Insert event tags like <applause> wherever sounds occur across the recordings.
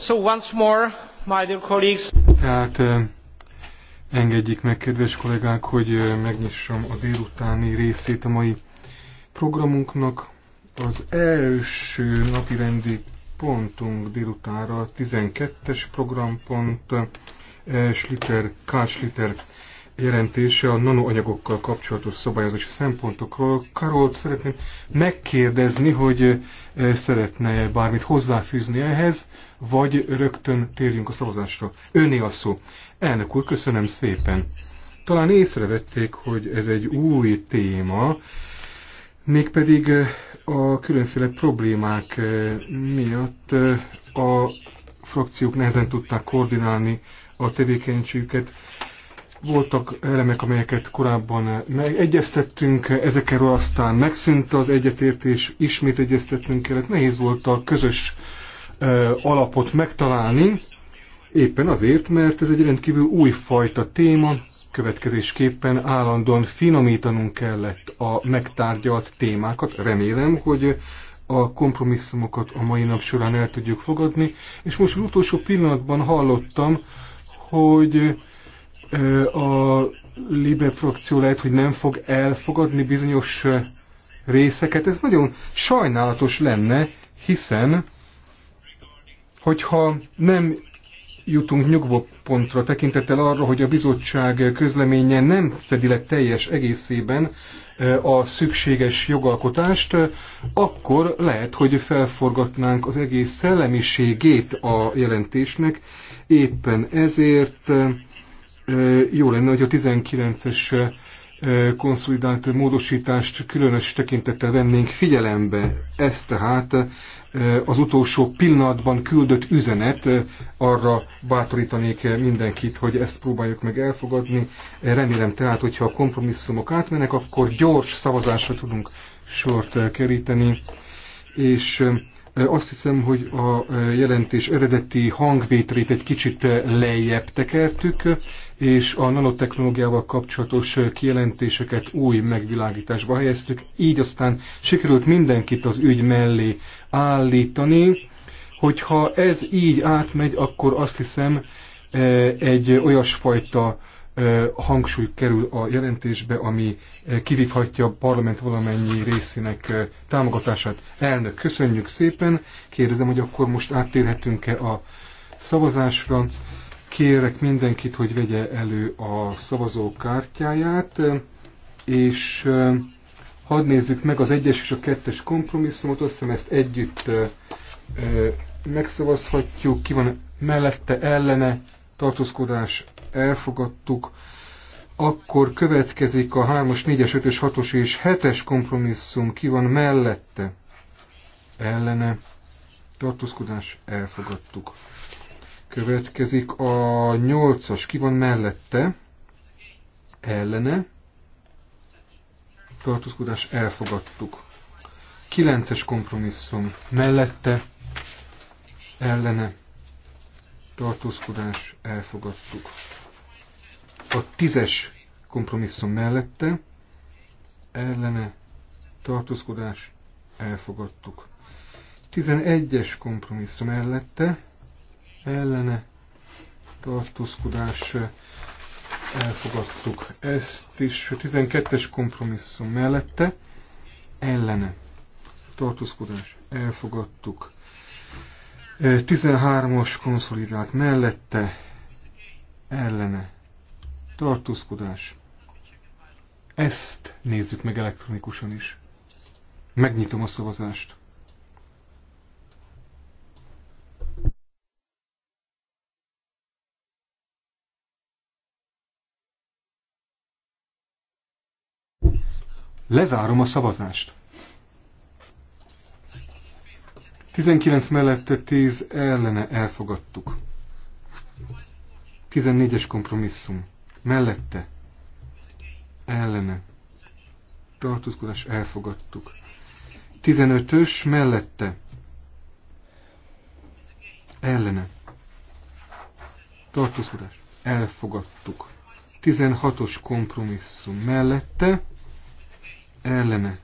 So once more, my dear colleagues. Tehát engedjék meg, kedves kollégák, hogy megnyissam a délutáni részét a mai programunknak. Az első napi rendi pontunk délutára 12-es programpont, Schlitter, K. Schlitter jelentése a nanoanyagokkal kapcsolatos szabályozási szempontokról. Karol szeretném megkérdezni, hogy eh, szeretne bármit hozzáfűzni ehhez, vagy rögtön térjünk a szavazásra. Öné a szó. Elnök úr, köszönöm szépen. Talán észrevették, hogy ez egy új téma, mégpedig eh, a különféle problémák eh, miatt a frakciók nehezen tudták koordinálni a tevékenységüket. Voltak elemek, amelyeket korábban egyeztettünk, ezekről aztán megszűnt az egyetértés, ismét egyeztettünk kellett, hát nehéz volt a közös alapot megtalálni, éppen azért, mert ez egy rendkívül újfajta téma, következésképpen állandóan finomítanunk kellett a megtárgyalt témákat. Remélem, hogy a kompromisszumokat a mai nap során el tudjuk fogadni, és most az utolsó pillanatban hallottam, hogy a Libe frakció lehet, hogy nem fog elfogadni bizonyos részeket. Ez nagyon sajnálatos lenne, hiszen hogyha nem jutunk nyugvó pontra tekintettel arra, hogy a bizottság közleménye nem fedi le teljes egészében a szükséges jogalkotást, akkor lehet, hogy felforgatnánk az egész szellemiségét a jelentésnek. Éppen ezért jó lenne, hogy a 19-es konszolidált módosítást különös tekintettel vennénk figyelembe. Ez tehát az utolsó pillanatban küldött üzenet, arra bátorítanék mindenkit, hogy ezt próbáljuk meg elfogadni. Remélem tehát, hogyha a kompromisszumok átmennek, akkor gyors szavazásra tudunk sort keríteni, és azt hiszem, hogy a jelentés eredeti hangvételét egy kicsit lejjebb tekertük, és a nanotechnológiával kapcsolatos kijelentéseket új megvilágításba helyeztük, így aztán sikerült mindenkit az ügy mellé állítani, hogyha ez így átmegy, akkor azt hiszem e, egy olyasfajta e, hangsúly kerül a jelentésbe, ami e, kivívhatja a parlament valamennyi részének támogatását. Elnök, köszönjük szépen. Kérdezem, hogy akkor most áttérhetünk-e a szavazásra. Kérek mindenkit, hogy vegye elő a szavazókártyáját, és hadd nézzük meg az egyes és a kettes kompromisszumot, azt hiszem ezt együtt megszavazhatjuk, ki van mellette, ellene, tartózkodás, elfogadtuk, akkor következik a 3-as, 4-es, 5-ös, 6-os és 7-es kompromisszum, ki van mellette, ellene, tartózkodás, elfogadtuk. Következik a nyolcas, ki van mellette, ellene, tartózkodás elfogadtuk. Kilences kompromisszum, mellette, ellene, tartózkodás elfogadtuk. A tízes kompromisszum mellette, ellene, tartózkodás elfogadtuk. Tizenegyes kompromisszum mellette, ellene tartózkodás eh, elfogadtuk. Ezt is 12-es kompromisszum mellette ellene tartózkodás elfogadtuk. 13-as eh, konszolidált mellette ellene tartózkodás. Ezt nézzük meg elektronikusan is. Megnyitom a szavazást. Lezárom a szavazást. 19 mellette 10 ellene elfogadtuk. 14-es kompromisszum. Mellette. Ellene. Tartózkodás elfogadtuk. 15-ös mellette. Ellene. Tartózkodás elfogadtuk. 16-os kompromisszum mellette ellene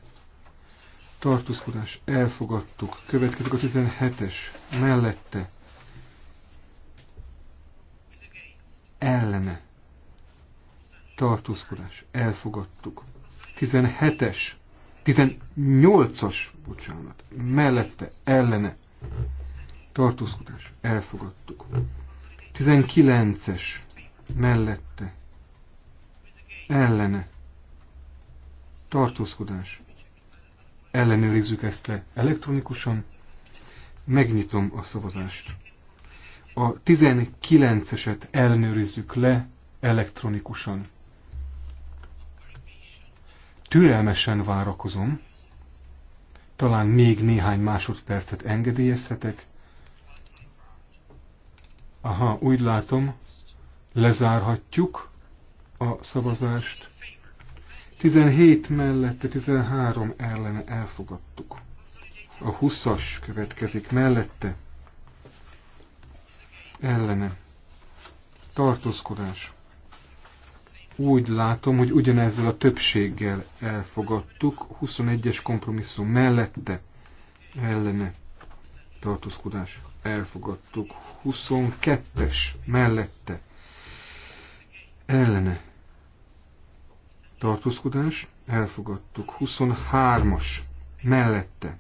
tartózkodás elfogadtuk. Következik a 17-es mellette ellene tartózkodás elfogadtuk. 17-es 18-as, bocsánat, mellette ellene tartózkodás elfogadtuk. 19-es mellette ellene tartózkodás. Ellenőrizzük ezt le elektronikusan. Megnyitom a szavazást. A 19-eset ellenőrizzük le elektronikusan. Türelmesen várakozom. Talán még néhány másodpercet engedélyezhetek. Aha, úgy látom, lezárhatjuk a szavazást. 17 mellette, 13 ellene elfogadtuk. A 20-as következik mellette, ellene. Tartózkodás. Úgy látom, hogy ugyanezzel a többséggel elfogadtuk, 21-es kompromisszum mellette, ellene. Tartózkodás. Elfogadtuk. 22-es mellette, ellene tartózkodás, elfogadtuk. 23-as, mellette,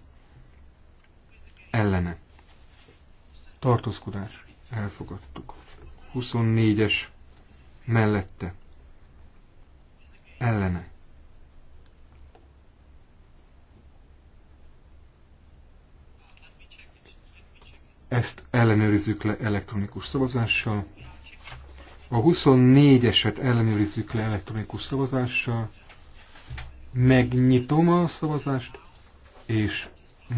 ellene, tartózkodás, elfogadtuk. 24-es, mellette, ellene. Ezt ellenőrizzük le elektronikus szavazással. A 24-eset ellenőrizzük le elektronikus szavazással. Megnyitom a szavazást, és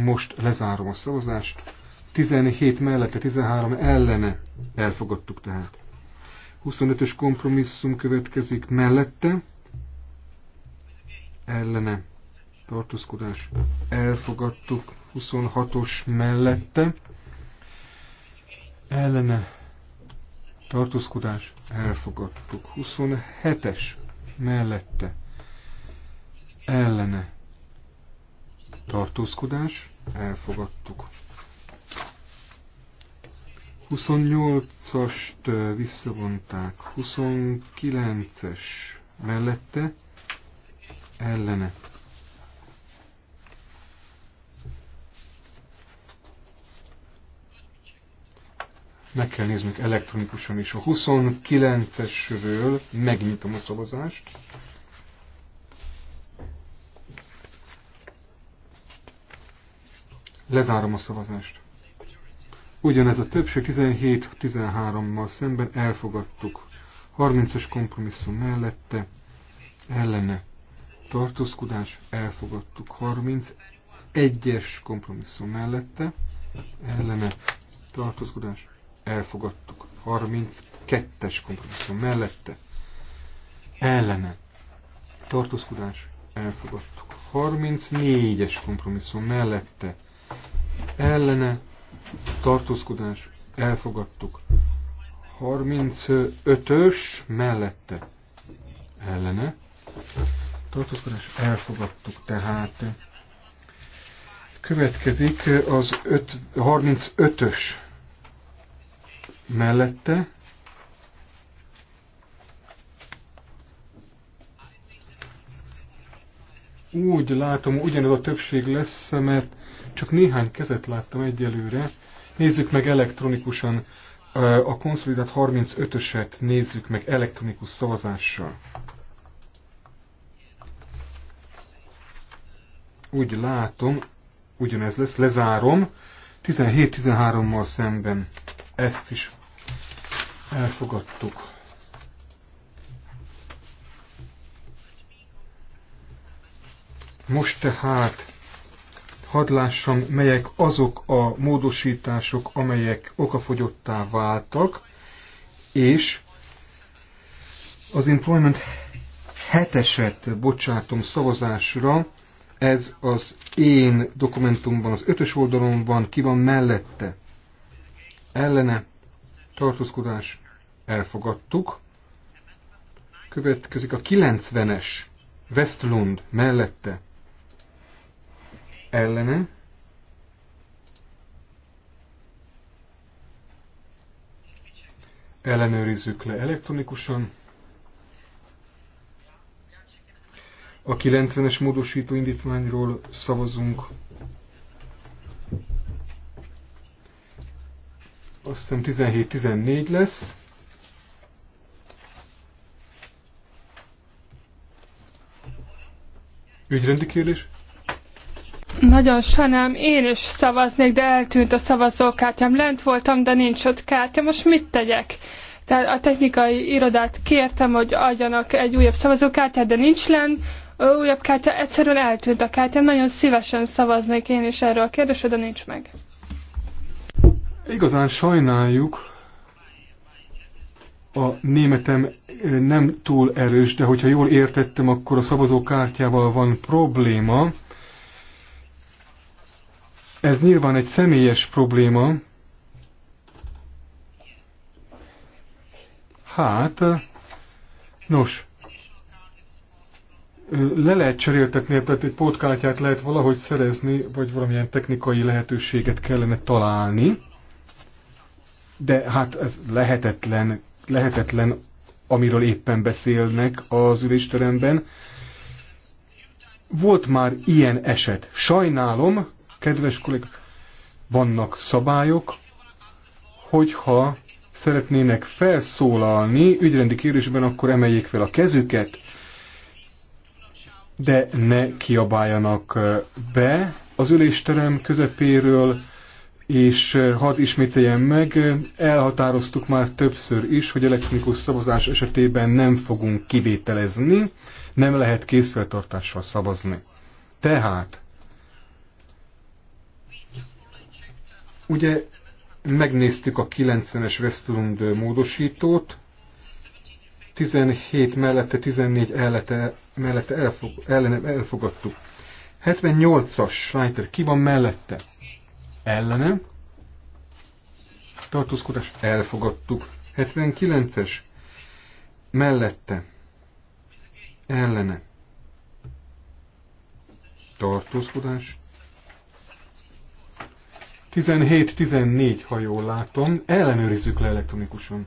most lezárom a szavazást. 17 mellette, 13 ellene elfogadtuk tehát. 25-ös kompromisszum következik mellette, ellene tartózkodás elfogadtuk, 26-os mellette, ellene tartózkodás, elfogadtuk. 27-es mellette ellene tartózkodás, elfogadtuk. 28-ast visszavonták, 29-es mellette ellene meg kell néznünk elektronikusan is. A 29-esről megnyitom a szavazást. Lezárom a szavazást. Ugyanez a többség 17-13-mal szemben elfogadtuk. 30 es kompromisszum mellette, ellene tartózkodás, elfogadtuk. 31-es kompromisszum mellette, ellene tartózkodás, elfogadtuk. 32-es kompromisszum mellette ellene tartózkodás elfogadtuk. 34-es kompromisszum mellette ellene tartózkodás elfogadtuk. 35-ös mellette ellene tartózkodás elfogadtuk. Tehát következik az 35-ös mellette. Úgy látom, ugyanaz a többség lesz, mert csak néhány kezet láttam egyelőre. Nézzük meg elektronikusan a konszolidált 35-öset, nézzük meg elektronikus szavazással. Úgy látom, ugyanez lesz, lezárom. 17-13-mal szemben ezt is Elfogadtuk. Most tehát hadd lássam, melyek azok a módosítások, amelyek okafogyottá váltak, és az employment heteset bocsátom szavazásra, ez az én dokumentumban, az ötös oldalon van, ki van mellette, ellene, tartózkodás elfogadtuk. Következik a 90-es Westlund mellette ellene. Ellenőrizzük le elektronikusan. A 90-es módosító indítványról szavazunk Azt hiszem 17-14 lesz. Ügyrendi kérdés? Nagyon sajnálom, én is szavaznék, de eltűnt a szavazókártyám. Lent voltam, de nincs ott kártya. Most mit tegyek? Tehát a technikai irodát kértem, hogy adjanak egy újabb szavazókártyát, de nincs lent. Újabb kártya, egyszerűen eltűnt a kártyám. Nagyon szívesen szavaznék én is erről a kérdésre, de nincs meg. Igazán sajnáljuk, a németem eh, nem túl erős, de hogyha jól értettem, akkor a szavazókártyával van probléma. Ez nyilván egy személyes probléma. Hát, nos, eh, le lehet cseréltetni, tehát egy pótkártyát lehet valahogy szerezni, vagy valamilyen technikai lehetőséget kellene találni de hát ez lehetetlen, lehetetlen, amiről éppen beszélnek az ülésteremben. Volt már ilyen eset. Sajnálom, kedves kollégák, vannak szabályok, hogyha szeretnének felszólalni ügyrendi kérdésben, akkor emeljék fel a kezüket, de ne kiabáljanak be az ülésterem közepéről, és hadd ismételjem meg, elhatároztuk már többször is, hogy elektronikus szavazás esetében nem fogunk kivételezni, nem lehet készfeltartással szavazni. Tehát, ugye megnéztük a 90-es Westlund módosítót, 17 mellette, 14 ellete, mellette elfog, ellenem elfogadtuk. 78-as Schreiter, ki van mellette? ellene, tartózkodás elfogadtuk. 79-es mellette, ellene, tartózkodás. 17-14, ha jól látom, ellenőrizzük le elektronikusan.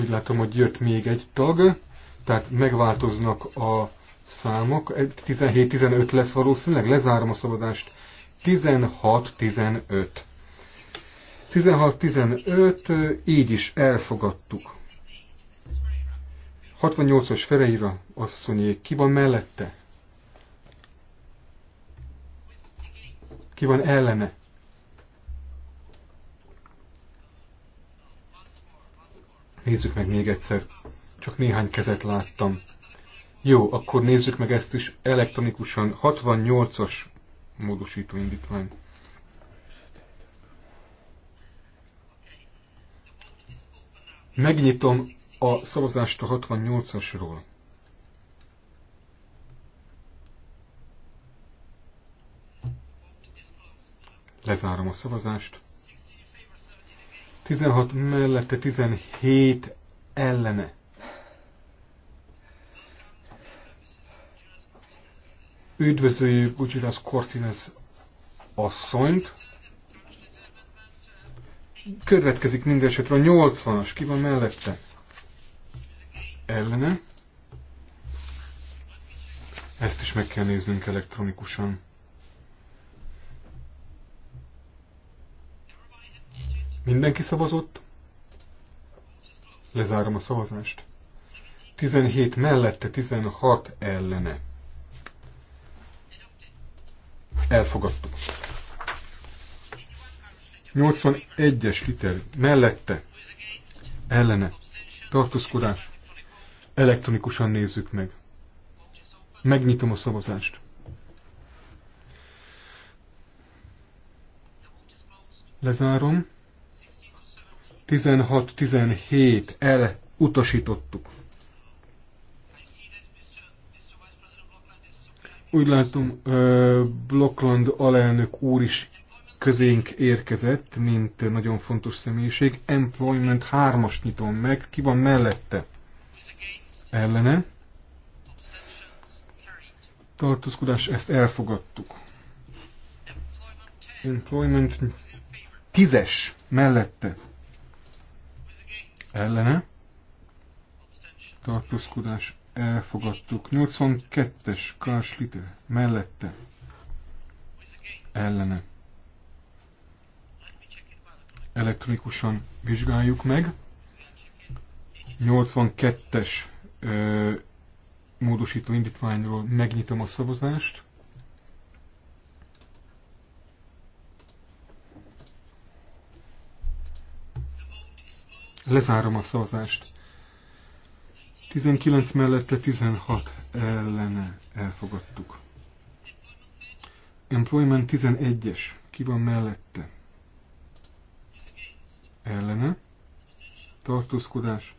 Úgy látom, hogy jött még egy tag tehát megváltoznak a számok, 17-15 lesz valószínűleg, lezárom a szabadást, 16-15. 16-15, így is elfogadtuk. 68-as Fereira asszonyé, ki van mellette? Ki van ellene? Nézzük meg még egyszer csak néhány kezet láttam. Jó, akkor nézzük meg ezt is elektronikusan. 68-as módosító indítvány. Megnyitom a szavazást a 68-asról. Lezárom a szavazást. 16 mellette 17 ellene. Üdvözöljük úgyhogy az Cortines asszonyt. Következik esetre a 80-as, ki van mellette? Ellene. Ezt is meg kell néznünk elektronikusan. Mindenki szavazott? Lezárom a szavazást. 17 mellette, 16 ellene. Elfogadtuk. 81-es liter mellette ellene tartózkodás. Elektronikusan nézzük meg. Megnyitom a szavazást. Lezárom. 16-17 el utasítottuk. Úgy látom, Blockland alelnök úr is közénk érkezett, mint nagyon fontos személyiség. Employment 3-as nyitom meg. Ki van mellette? Ellene. Tartózkodás, ezt elfogadtuk. Employment 10-es mellette. Ellene. Tartózkodás, elfogadtuk. 82-es Karslite mellette ellene. Elektronikusan vizsgáljuk meg. 82-es módosító indítványról megnyitom a szavazást. Lezárom a szavazást. 19 mellette 16 ellene elfogadtuk. Employment 11-es. Ki van mellette? Ellene. Tartózkodás.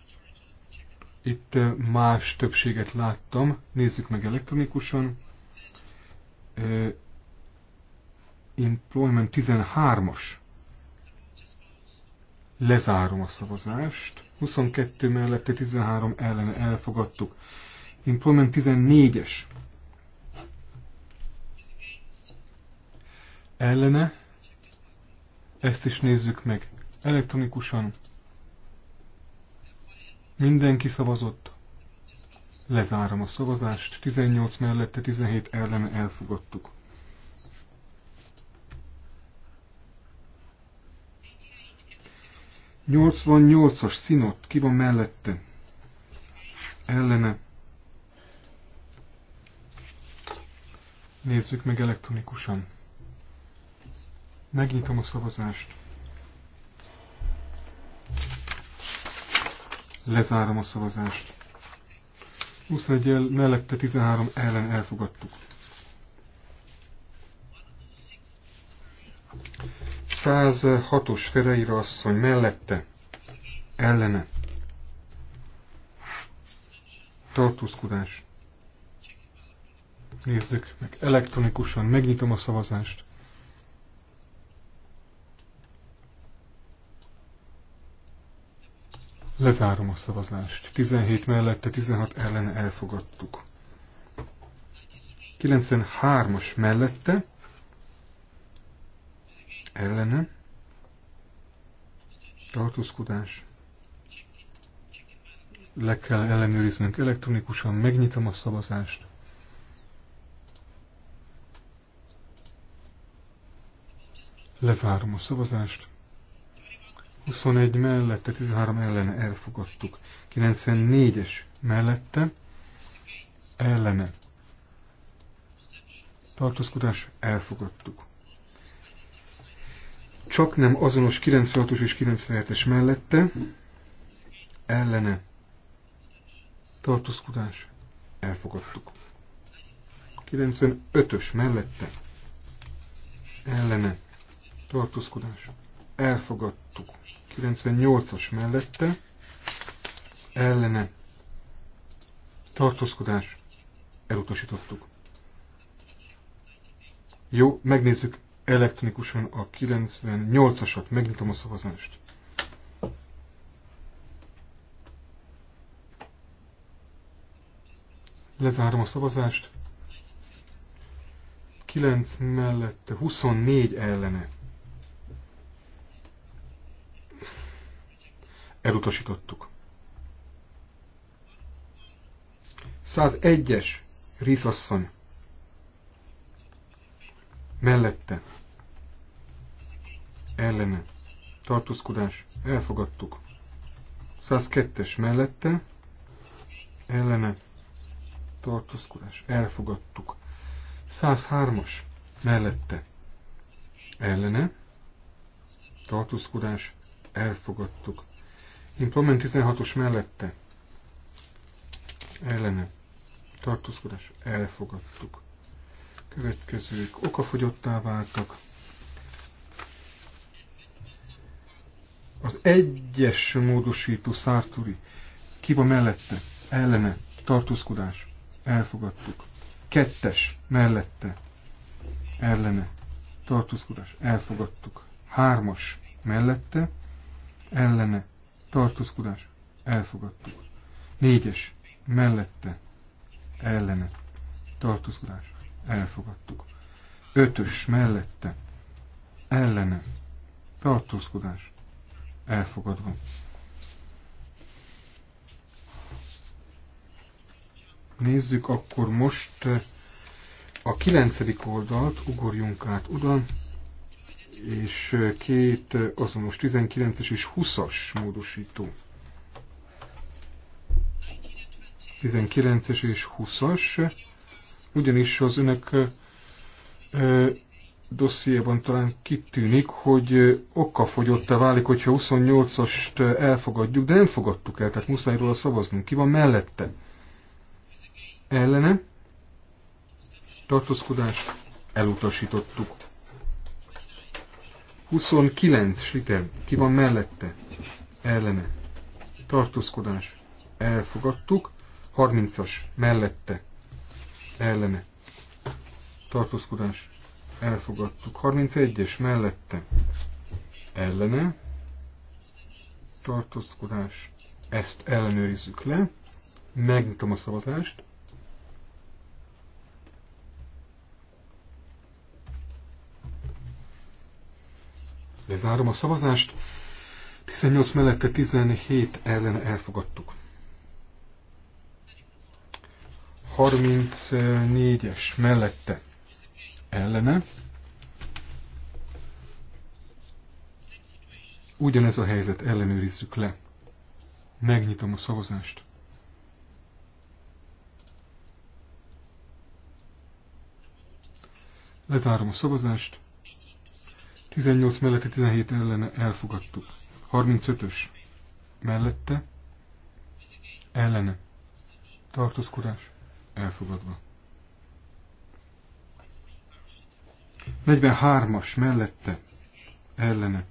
Itt eh, más többséget láttam. Nézzük meg elektronikusan. Eh, employment 13-as. Lezárom a szavazást. 22 mellette 13 ellene elfogadtuk. Employment 14-es. Ellene. Ezt is nézzük meg. Elektronikusan. Mindenki szavazott. Lezárom a szavazást. 18 mellette 17 ellene elfogadtuk. 88-as színot, ki van mellette? Ellene. Nézzük meg elektronikusan. Megnyitom a szavazást. Lezárom a szavazást. 21 mellette 13 ellen elfogadtuk. 106-os Fereira asszony mellette ellene tartózkodás. Nézzük meg elektronikusan, megnyitom a szavazást. Lezárom a szavazást. 17 mellette, 16 ellene elfogadtuk. 93-as mellette, ellene, tartózkodás, le kell ellenőriznünk elektronikusan, megnyitom a szavazást. Lezárom a szavazást. 21 mellette, 13 ellene elfogadtuk. 94-es mellette, ellene. Tartózkodás elfogadtuk csak nem azonos 96-os és 97-es mellette ellene tartózkodás elfogadtuk. 95-ös mellette ellene tartózkodás elfogadtuk. 98-as mellette ellene tartózkodás elutasítottuk. Jó, megnézzük elektronikusan a 98-asat. Megnyitom a szavazást. Lezárom a szavazást. 9 mellette, 24 ellene. Elutasítottuk. 101-es Rizasszony Mellette ellene tartózkodás elfogadtuk. 102-es mellette ellene tartózkodás elfogadtuk. 103-as mellette ellene tartózkodás elfogadtuk. Implement 16-os mellette ellene tartózkodás elfogadtuk. Következők okafogyottá váltak. Az egyes módosító szárturi. Ki van mellette? Ellene. Tartózkodás. Elfogadtuk. Kettes. Mellette. Ellene. Tartózkodás. Elfogadtuk. Hármas. Mellette. Ellene. Tartózkodás. Elfogadtuk. Négyes. Mellette. Ellene. Tartózkodás. Elfogadtuk. Ötös. Mellette. Ellene. Tartózkodás elfogadva. Nézzük akkor most eh, a kilencedik oldalt, ugorjunk át oda, és eh, két eh, azonos 19-es és 20-as módosító. 19-es és 20-as, ugyanis az önök dossziéban talán kitűnik, hogy okafogyottá válik, hogyha 28-ast elfogadjuk, de nem fogadtuk el, tehát muszáj róla szavaznunk. Ki van mellette? Ellene? Tartózkodás? Elutasítottuk. 29 sliter. Ki van mellette? Ellene. Tartózkodás. Elfogadtuk. 30-as. Mellette. Ellene. Tartózkodás elfogadtuk. 31-es mellette ellene tartózkodás. Ezt ellenőrizzük le. Megnyitom a szavazást. Lezárom a szavazást. 18 mellette 17 ellen elfogadtuk. 34-es mellette ellene. Ugyanez a helyzet, ellenőrizzük le. Megnyitom a szavazást. Lezárom a szavazást. 18 mellette 17 ellene elfogadtuk. 35-ös mellette ellene tartózkodás elfogadva. 43-as mellette ellene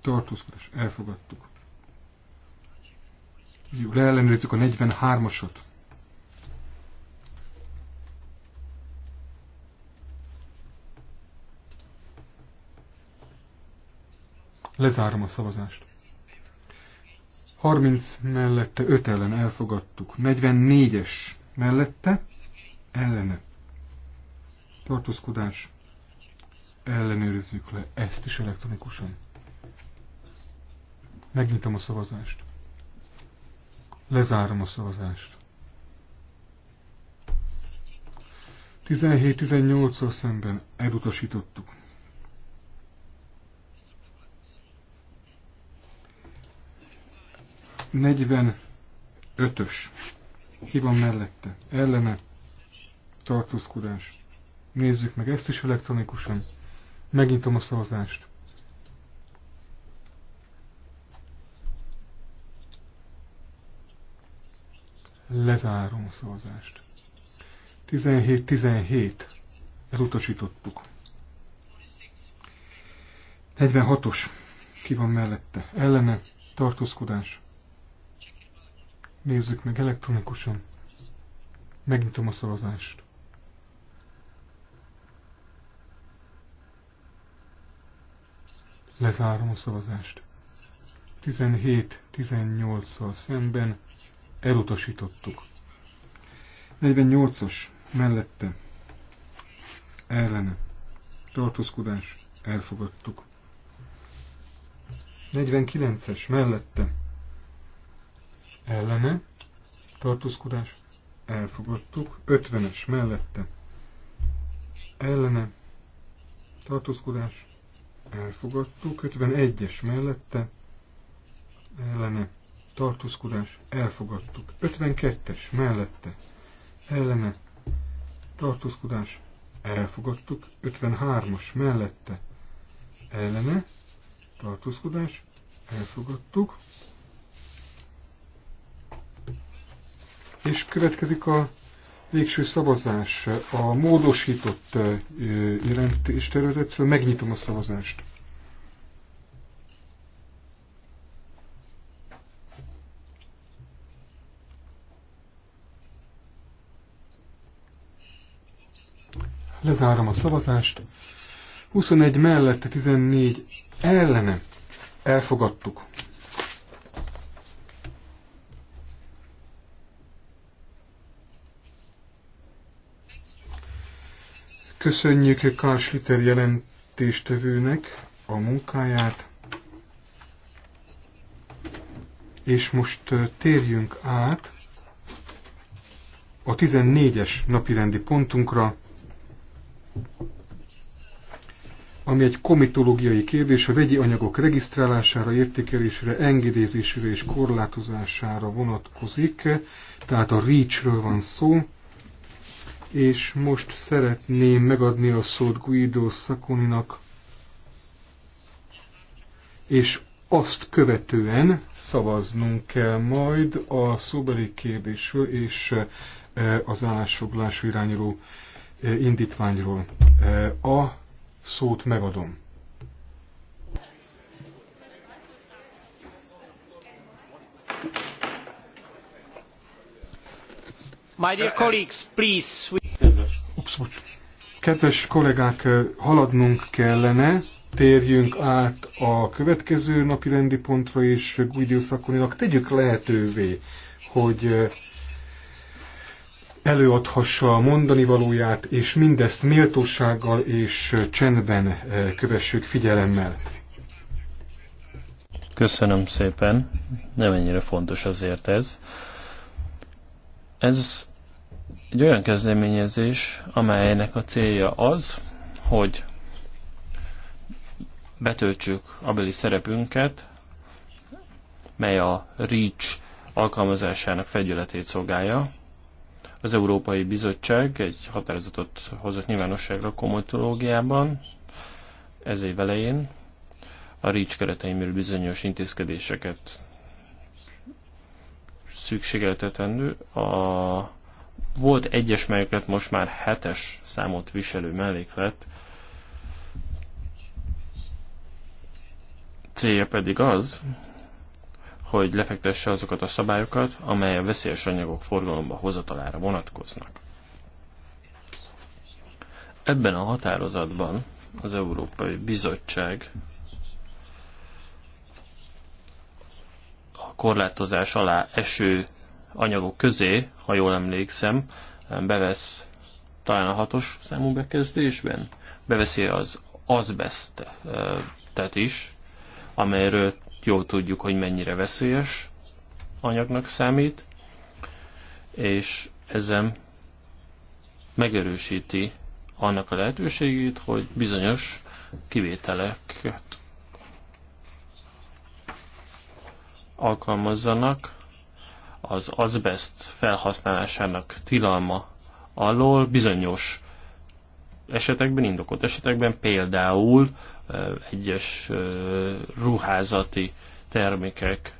tartózkodás elfogadtuk. Jó, leellenőrizzük a 43-asot. Lezárom a szavazást. 30 mellette, 5 ellen elfogadtuk. 44-es mellette, ellene tartózkodás, ellenőrizzük le ezt is elektronikusan. Megnyitom a szavazást. Lezárom a szavazást. 17-18-szal szemben elutasítottuk. Negyven ötös. Ki van mellette? Ellene. Tartózkodás. Nézzük meg ezt is elektronikusan. Megnyitom a szavazást. Lezárom a szavazást. 17-17. Elutasítottuk. 46-os. Ki van mellette? Ellene. Tartózkodás. Nézzük meg elektronikusan. Megnyitom a szavazást. Lezárom a szavazást. 17-18-szal szemben elutasítottuk. 48-as mellette ellene tartózkodás elfogadtuk. 49-es mellette ellene tartózkodás elfogadtuk. 50-es mellette ellene tartózkodás elfogadtuk, 51-es mellette ellene tartózkodás elfogadtuk, 52-es mellette ellene tartózkodás elfogadtuk, 53-as mellette ellene tartózkodás elfogadtuk, és következik a Végső szavazás a módosított területről. Megnyitom a szavazást. Lezárom a szavazást. 21 mellette, 14 ellene elfogadtuk. Köszönjük Karl Schlitter jelentéstövőnek a munkáját, és most térjünk át a 14-es napirendi pontunkra, ami egy komitológiai kérdés a vegyi anyagok regisztrálására, értékelésére, engedélyezésére és korlátozására vonatkozik, tehát a REACH-ről van szó és most szeretném megadni a szót Guido Szakoninak, és azt követően szavaznunk kell majd a szóbeli kérdésről és e, az állásfoglás irányuló e, indítványról. E, a szót megadom. My dear colleagues, please. Kedves kollégák, haladnunk kellene, térjünk át a következő napi rendi pontra, és Guidius szakonilag tegyük lehetővé, hogy előadhassa a mondani valóját, és mindezt méltósággal és csendben kövessük figyelemmel. Köszönöm szépen, nem ennyire fontos azért ez. Ez egy olyan kezdeményezés, amelynek a célja az, hogy betöltsük abeli szerepünket, mely a REACH alkalmazásának fegyületét szolgálja. Az Európai Bizottság egy határozatot hozott nyilvánosságra komolytológiában, ez év elején. A REACH kereteimről bizonyos intézkedéseket szükségeltetendő. A volt egyes melléklet, most már hetes számot viselő melléklet. Célja pedig az, hogy lefektesse azokat a szabályokat, amely a veszélyes anyagok forgalomba hozatalára vonatkoznak. Ebben a határozatban az Európai Bizottság a korlátozás alá eső anyagok közé, ha jól emlékszem, bevesz talán a hatos számú bekezdésben, beveszi az azbestet is, amelyről jól tudjuk, hogy mennyire veszélyes anyagnak számít, és ezen megerősíti annak a lehetőségét, hogy bizonyos kivételeket alkalmazzanak az azbest felhasználásának tilalma alól bizonyos esetekben, indokolt esetekben például egyes ruházati termékekre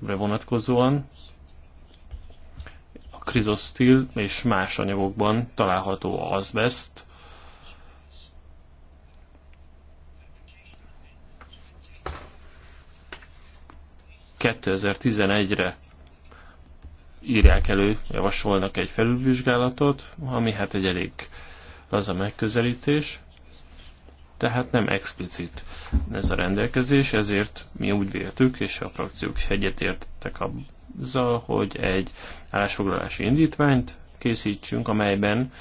vonatkozóan a krizosztil és más anyagokban található azbest, ...2011-re írják elő, javasolnak egy felülvizsgálatot, ami hát egy elég laza megközelítés, tehát nem explicit ez a rendelkezés, ezért mi úgy véltük, és a frakciók is egyetértettek azzal, hogy egy állásfoglalási indítványt készítsünk, amelyben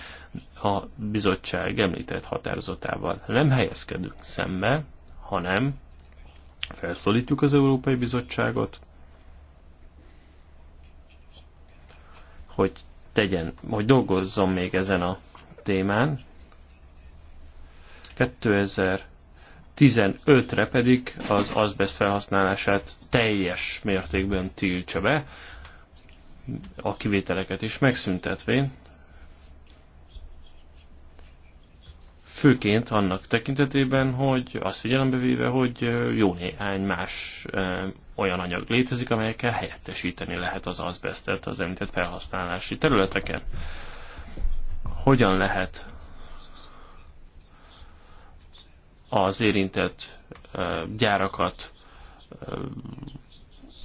a bizottság említett határozatával nem helyezkedünk szembe, hanem felszólítjuk az Európai Bizottságot, hogy tegyen, hogy dolgozzon még ezen a témán. 2015-re pedig az azbest felhasználását teljes mértékben tiltsa be, a kivételeket is megszüntetvén, főként annak tekintetében, hogy azt figyelembe véve, hogy jó néhány más eh, olyan anyag létezik, amelyekkel helyettesíteni lehet az azbesztet az említett felhasználási területeken. Hogyan lehet az érintett gyárakat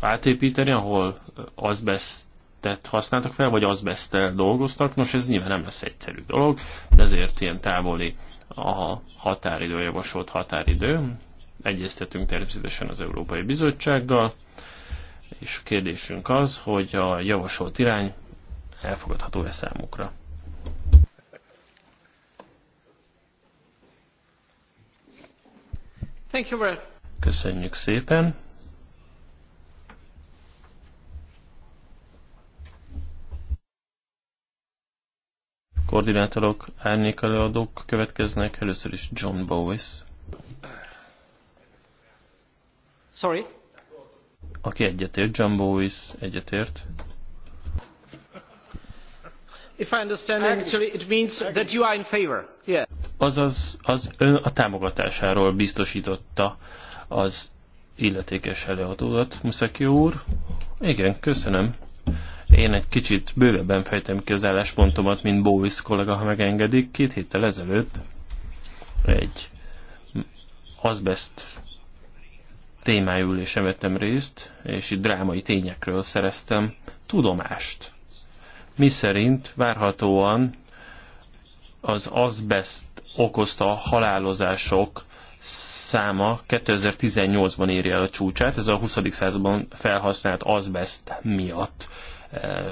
átépíteni, ahol azbesztet használtak fel, vagy azbesztel dolgoztak. Nos, ez nyilván nem lesz egyszerű dolog, ezért ilyen távoli a határidő, javasolt határidő. Egyeztetünk természetesen az Európai Bizottsággal, és a kérdésünk az, hogy a javasolt irány elfogadható-e számukra. Thank you Köszönjük szépen. Koordinátorok, árnyékelőadók következnek, először is John Bowis. Sorry? Aki egyetért, John is egyetért. If I understand actually it means that you are in favor. Yeah. Azaz az ön a támogatásáról biztosította az illetékes előadódat, Muszaki úr. Igen, köszönöm. Én egy kicsit bővebben fejtem ki az álláspontomat, mint Bowis kollega, ha megengedik. Két héttel ezelőtt egy azbest témájú ülésen vettem részt, és itt drámai tényekről szereztem tudomást. Mi szerint várhatóan az azbest okozta halálozások száma 2018-ban éri el a csúcsát, ez a 20. században felhasznált azbest miatt eh,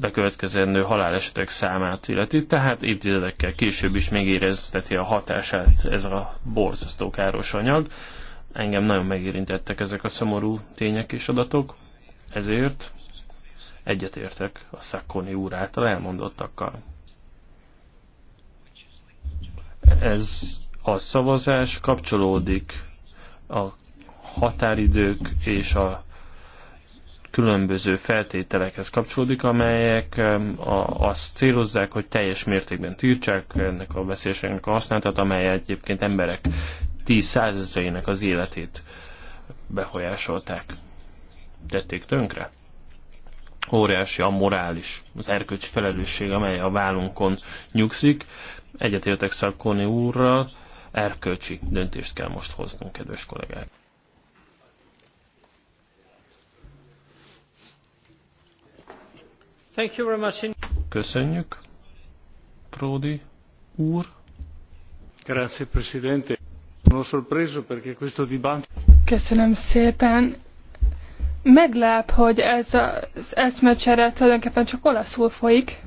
bekövetkezendő halálesetek számát illeti, tehát évtizedekkel később is még érezteti a hatását ez a borzasztó káros anyag. Engem nagyon megérintettek ezek a szomorú tények és adatok, ezért egyetértek a Szakkoni úr által elmondottakkal. Ez a szavazás kapcsolódik a határidők és a különböző feltételekhez kapcsolódik, amelyek azt célozzák, hogy teljes mértékben tiltsák ennek a veszélyesnek a használatát, amely egyébként emberek 10-100 az életét befolyásolták, tették tönkre. Óriási a morális, az erkölcsi felelősség, amely a vállunkon nyugszik. Egyetértek Szalkoni úrral, erkölcsi döntést kell most hoznunk, kedves kollégák. Köszönjük. Prodi úr. Grazie, Presidente. Köszönöm szépen. Meglep, hogy ez az eszmecsere tulajdonképpen csak olaszul folyik.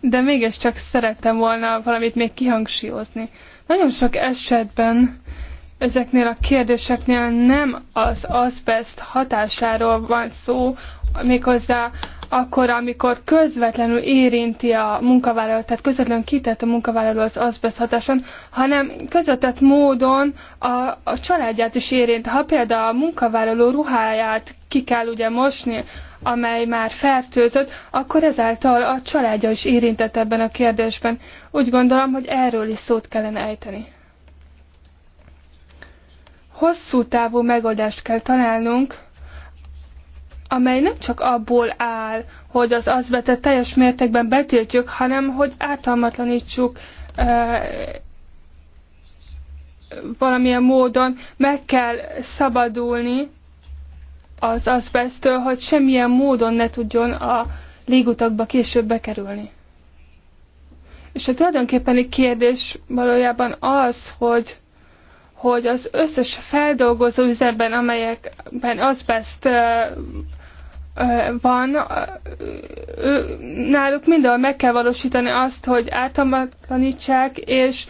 De mégiscsak szerettem volna valamit még kihangsúlyozni. Nagyon sok esetben ezeknél a kérdéseknél nem az azbest hatásáról van szó, méghozzá akkor, amikor közvetlenül érinti a munkavállalót, tehát közvetlenül kitett a munkavállaló az azbest hatáson, hanem közvetett módon a, a családját is érint. Ha például a munkavállaló ruháját ki kell ugye mosni, amely már fertőzött, akkor ezáltal a családja is érintett ebben a kérdésben. Úgy gondolom, hogy erről is szót kellene ejteni hosszú távú megoldást kell találnunk, amely nem csak abból áll, hogy az azbetet teljes mértékben betiltjuk, hanem hogy ártalmatlanítsuk e, valamilyen módon, meg kell szabadulni az azbesztől, hogy semmilyen módon ne tudjon a légutakba később bekerülni. És a tulajdonképpeni kérdés valójában az, hogy hogy az összes feldolgozó üzemben, amelyekben azbest van, náluk mindenhol meg kell valósítani azt, hogy átamatlanítsák, és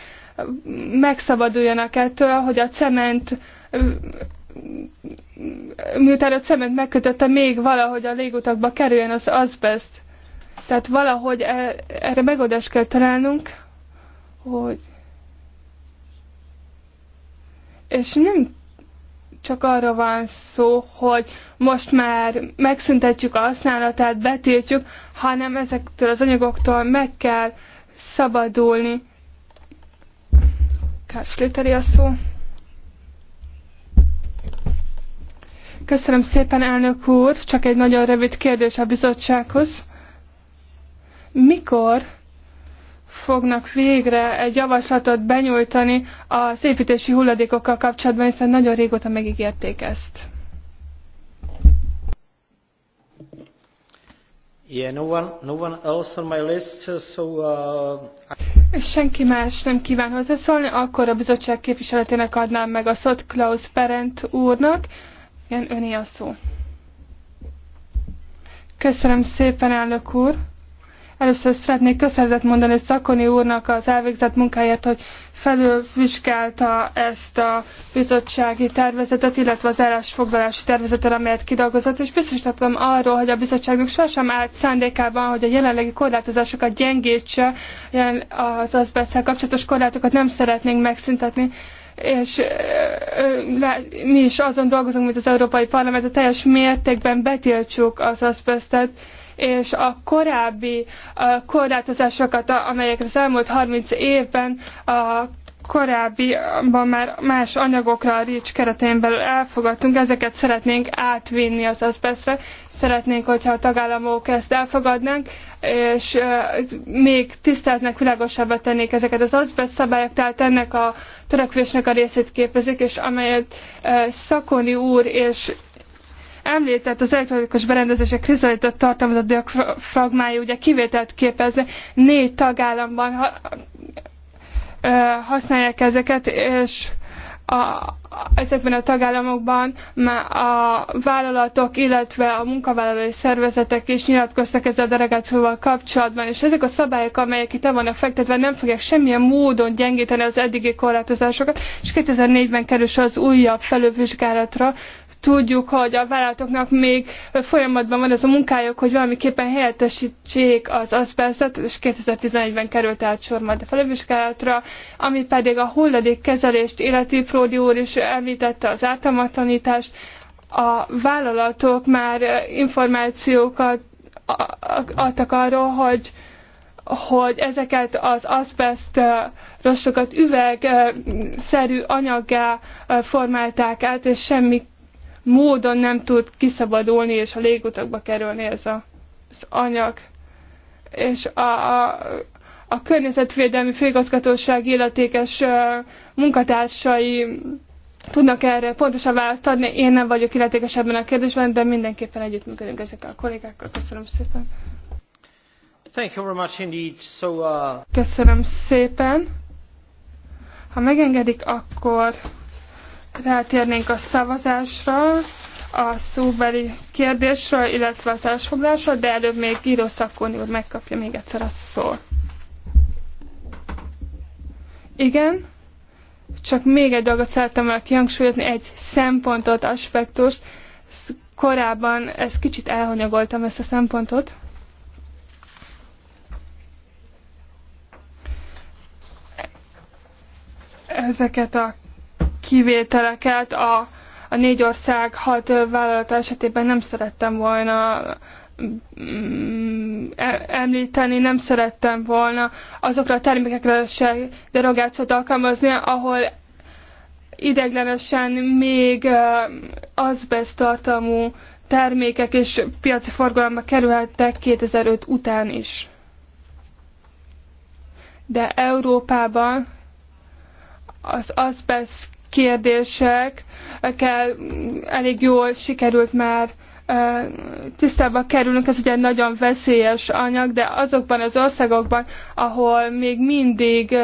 megszabaduljanak ettől, hogy a cement miután a cement megkötötte, még valahogy a légutakba kerüljön az azbest. Tehát valahogy e- erre megoldást kell találnunk, hogy és nem csak arra van szó, hogy most már megszüntetjük a használatát, betiltjuk, hanem ezektől az anyagoktól meg kell szabadulni. Kársliteri a szó. Köszönöm szépen, elnök úr. Csak egy nagyon rövid kérdés a bizottsághoz. Mikor fognak végre egy javaslatot benyújtani a szépítési hulladékokkal kapcsolatban, hiszen nagyon régóta megígérték ezt. Yeah, no one, no one else on my list, so, uh... Senki más nem kíván hozzászólni, akkor a bizottság képviseletének adnám meg a szót Klaus Ferent úrnak. Igen, öné a szó. Köszönöm szépen, elnök úr. Először szeretnék köszönetet mondani Szakoni úrnak az elvégzett munkáját, hogy felülvizsgálta ezt a bizottsági tervezetet, illetve az állásfoglalási tervezetet, amelyet kidolgozott, és biztosítottam arról, hogy a bizottságnak sohasem állt szándékában, hogy a jelenlegi korlátozásokat gyengítse, az azbesszel kapcsolatos korlátokat nem szeretnénk megszüntetni, és le, mi is azon dolgozunk, mint az Európai Parlament, a teljes mértékben betiltsuk az azbesztet, és a korábbi korlátozásokat, amelyek az elmúlt 30 évben a korábbiban már más anyagokra a RICS keretén belül elfogadtunk, ezeket szeretnénk átvinni az azbesztre, szeretnénk, hogyha a tagállamok ezt elfogadnánk, és még tiszteltnek, világosabbá tennék ezeket az azbest szabályok, tehát ennek a törekvésnek a részét képezik, és amelyet Szakoni úr és Említett az elektronikus berendezések krizolított tartalmazott diafragmája ugye kivételt képezni négy tagállamban ha, ö, használják ezeket, és a, ezekben a tagállamokban már a vállalatok, illetve a munkavállalói szervezetek is nyilatkoztak ezzel a delegációval kapcsolatban, és ezek a szabályok, amelyek itt vannak fektetve, nem fogják semmilyen módon gyengíteni az eddigi korlátozásokat, és 2004-ben kerül az újabb felülvizsgálatra, Tudjuk, hogy a vállalatoknak még folyamatban van ez a munkájuk, hogy valamiképpen helyettesítsék az azbestet, és 2011-ben került át sor majd a felvizsgálatra, ami pedig a hulladékkezelést illeti Pródi úr is említette az ártalmatlanítást. A vállalatok már információkat adtak arról, hogy hogy ezeket az aszbeszt rostokat üvegszerű anyaggá formálták át, és semmi módon nem tud kiszabadulni és a légutakba kerülni ez a, az anyag. És a, a, a környezetvédelmi főigazgatóság illetékes munkatársai tudnak erre pontosan választ adni. Én nem vagyok illetékes ebben a kérdésben, de mindenképpen együttműködünk ezekkel a kollégákkal. Köszönöm szépen. Thank you very much indeed. So, uh... Köszönöm szépen. Ha megengedik, akkor rátérnénk a szavazásra, a szóbeli kérdésről, illetve az elsfoglásra, de előbb még Író Szakóni úr megkapja még egyszer a szót. Igen, csak még egy dolgot szerettem volna kihangsúlyozni, egy szempontot, aspektust. Korábban ezt kicsit elhanyagoltam, ezt a szempontot. Ezeket a kivételeket a, a négy ország hat vállalata esetében nem szerettem volna mm, említeni, nem szerettem volna azokra a termékekre se derogációt alkalmazni, ahol ideglenesen még azbest tartalmú termékek és piaci forgalomba kerülhettek 2005 után is. De Európában az azbest kérdésekkel elég jól sikerült már tisztába kerülnünk, ez ugye nagyon veszélyes anyag, de azokban az országokban, ahol még mindig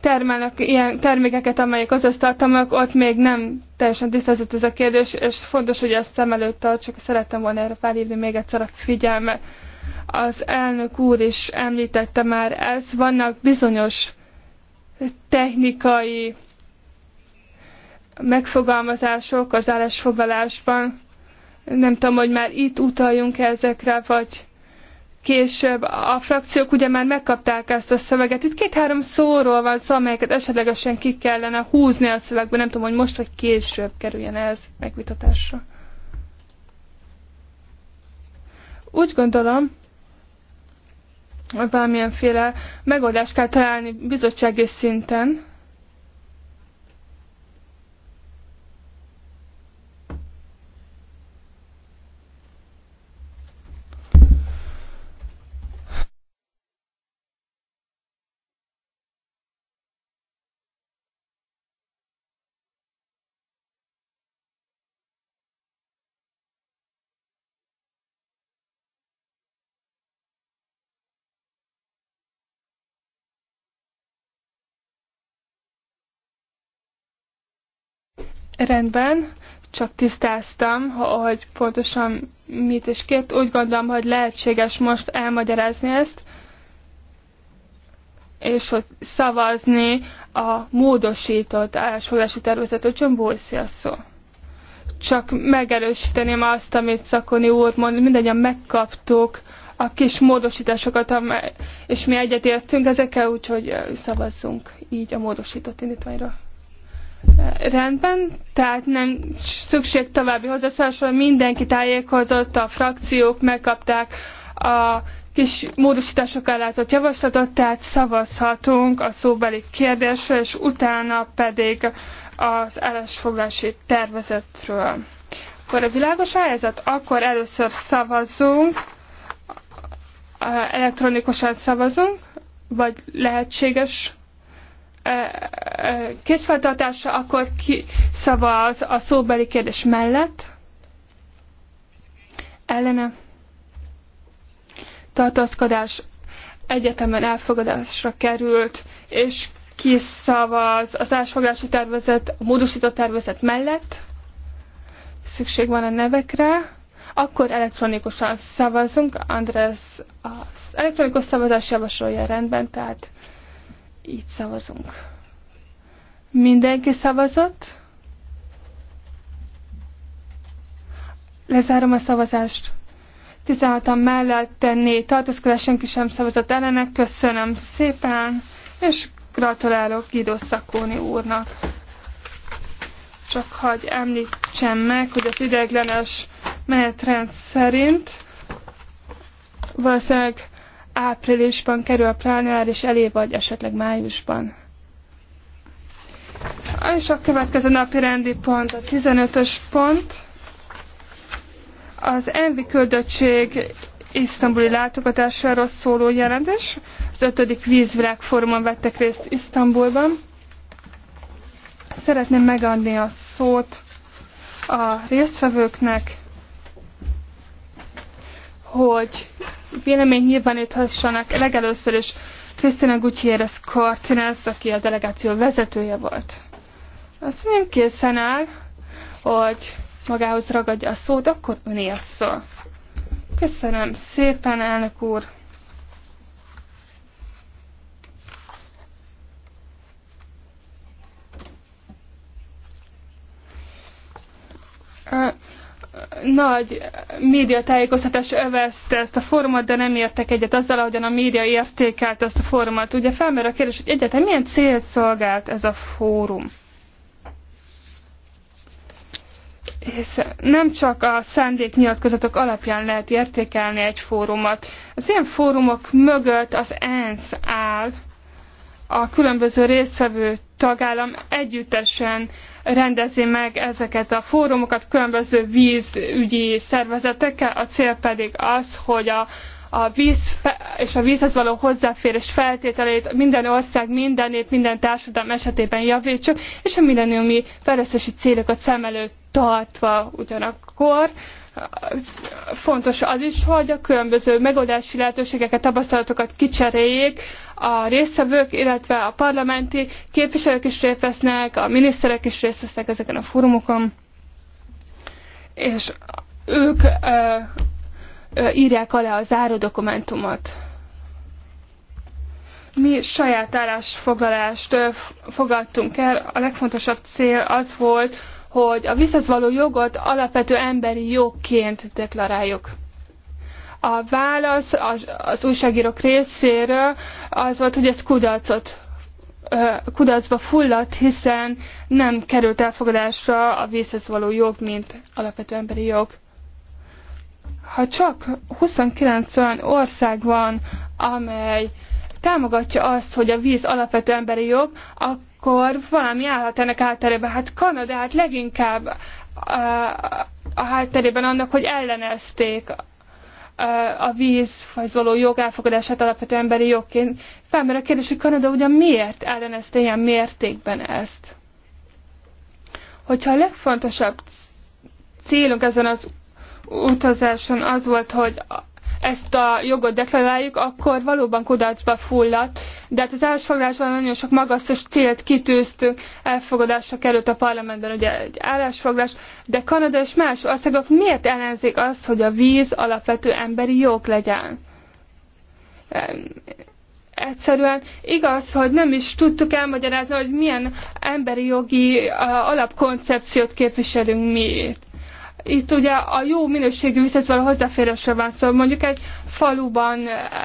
termelnek ilyen termékeket, amelyek azaz tartalmak, ott még nem teljesen tisztázott ez a kérdés, és fontos, hogy ezt szem előtt Csak Szerettem volna erre felhívni még egyszer a figyelmet. Az elnök úr is említette már ezt, vannak bizonyos technikai megfogalmazások az állásfoglalásban. Nem tudom, hogy már itt utaljunk -e ezekre, vagy később. A frakciók ugye már megkapták ezt a szöveget. Itt két-három szóról van szó, amelyeket esetlegesen ki kellene húzni a szövegbe. Nem tudom, hogy most vagy később kerüljen ez megvitatásra. Úgy gondolom, valamilyenféle megoldást kell találni bizottsági szinten, Rendben, csak tisztáztam, hogy pontosan mit is kért. Úgy gondolom, hogy lehetséges most elmagyarázni ezt, és hogy szavazni a módosított állásfoglalási tervezetről, csak a szó. Csak megerősíteném azt, amit Szakoni úr mond, mindegyen megkaptuk a kis módosításokat, és mi egyetértünk ezekkel, úgyhogy szavazzunk így a módosított indítványra. Rendben, tehát nem szükség további hozzászólásra, mindenki tájékozott, a frakciók megkapták a kis módosítások ellátott javaslatot, tehát szavazhatunk a szóbeli kérdésre, és utána pedig az állásfoglási tervezetről. Akkor a világos helyzet, akkor először szavazzunk, elektronikusan szavazunk, vagy lehetséges készfeltartása, akkor ki szavaz a szóbeli kérdés mellett? Ellene? Tartózkodás egyetemen elfogadásra került, és ki szavaz az elsfoglási tervezet, a módosított tervezet mellett? Szükség van a nevekre. Akkor elektronikusan szavazunk. András az elektronikus szavazás javasolja rendben, tehát így szavazunk. Mindenki szavazott? Lezárom a szavazást. 16-an mellette 4 tartozkodás senki sem szavazott ellenek. Köszönöm szépen, és gratulálok Guido Szakóni úrnak. Csak hagy említsem meg, hogy az ideiglenes menetrend szerint valószínűleg áprilisban kerül a és elé, vagy esetleg májusban. És a következő napi rendi pont, a 15-ös pont. Az Envi küldöttség isztambuli látogatásáról szóló jelentés. Az 5. fórumon vettek részt Isztambulban. Szeretném megadni a szót a résztvevőknek, hogy vélemény nyilváníthassanak. Legelőször is Krisztina Gutierrez Cortines, aki a delegáció vezetője volt. Azt nem készen áll, hogy magához ragadja a szót, akkor öné szól. Köszönöm szépen, elnök úr! nagy médiatájékoztatás övezte ezt a formát, de nem értek egyet azzal, ahogyan a média értékelt ezt a formát. Ugye felmerül a kérdés, hogy egyáltalán milyen célt szolgált ez a fórum? Hiszen nem csak a szándéknyilatkozatok alapján lehet értékelni egy fórumot. Az ilyen fórumok mögött az ENSZ áll, a különböző résztvevő tagállam együttesen rendezi meg ezeket a fórumokat különböző vízügyi szervezetekkel, a cél pedig az, hogy a, a víz és a vízhez való hozzáférés feltételeit minden ország, minden nép, minden társadalom esetében javítsuk, és a milleniumi fejlesztési célokat szem előtt tartva ugyanakkor fontos az is, hogy a különböző megoldási lehetőségeket, tapasztalatokat kicseréljék a résztvevők, illetve a parlamenti képviselők is részt vesznek, a miniszterek is részt vesznek ezeken a fórumokon, és ők ö, ö, írják alá a záró dokumentumot. Mi saját állásfoglalást ö, fogadtunk el, a legfontosabb cél az volt, hogy a visszaszvaló jogot alapvető emberi jogként deklaráljuk. A válasz az, az újságírók részéről az volt, hogy ez kudarcot kudarcba fulladt, hiszen nem került elfogadásra a vészhez való jog, mint alapvető emberi jog. Ha csak 29 olyan ország van, amely támogatja azt, hogy a víz alapvető emberi jog, akkor akkor valami állhat ennek hátterében. Hát Kanada hát leginkább uh, a, hátterében annak, hogy ellenezték uh, a vízhez való jog elfogadását alapvető emberi jogként. Felmerül a kérdés, hogy Kanada ugyan miért ellenezte ilyen mértékben ezt? Hogyha a legfontosabb célunk ezen az utazáson az volt, hogy ezt a jogot deklaráljuk, akkor valóban kudarcba fulladt. De hát az állásfoglalásban nagyon sok magasztos célt kitűztünk, elfogadásra került a parlamentben ugye egy állásfoglalás, de Kanada és más országok miért ellenzik azt, hogy a víz alapvető emberi jog legyen? egyszerűen igaz, hogy nem is tudtuk elmagyarázni, hogy milyen emberi jogi alapkoncepciót képviselünk mi itt itt ugye a jó minőségű vízhez hozzáférésre van szó. Szóval mondjuk egy faluban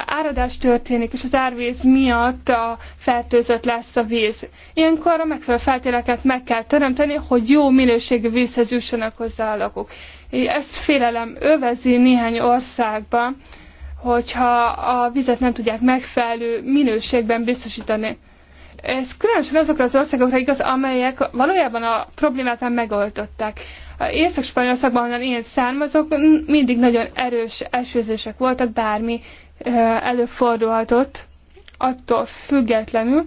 áradás történik, és az árvíz miatt a fertőzött lesz a víz. Ilyenkor a megfelelő feltéleket meg kell teremteni, hogy jó minőségű vízhez jussanak hozzá a lakók. Ezt félelem övezi néhány országban, hogyha a vizet nem tudják megfelelő minőségben biztosítani. Ez különösen azokra az országokra igaz, amelyek valójában a problémát már megoldották Észak-Spanyolországban, ahonnan én származok, mindig nagyon erős esőzések voltak, bármi előfordulhatott, attól függetlenül,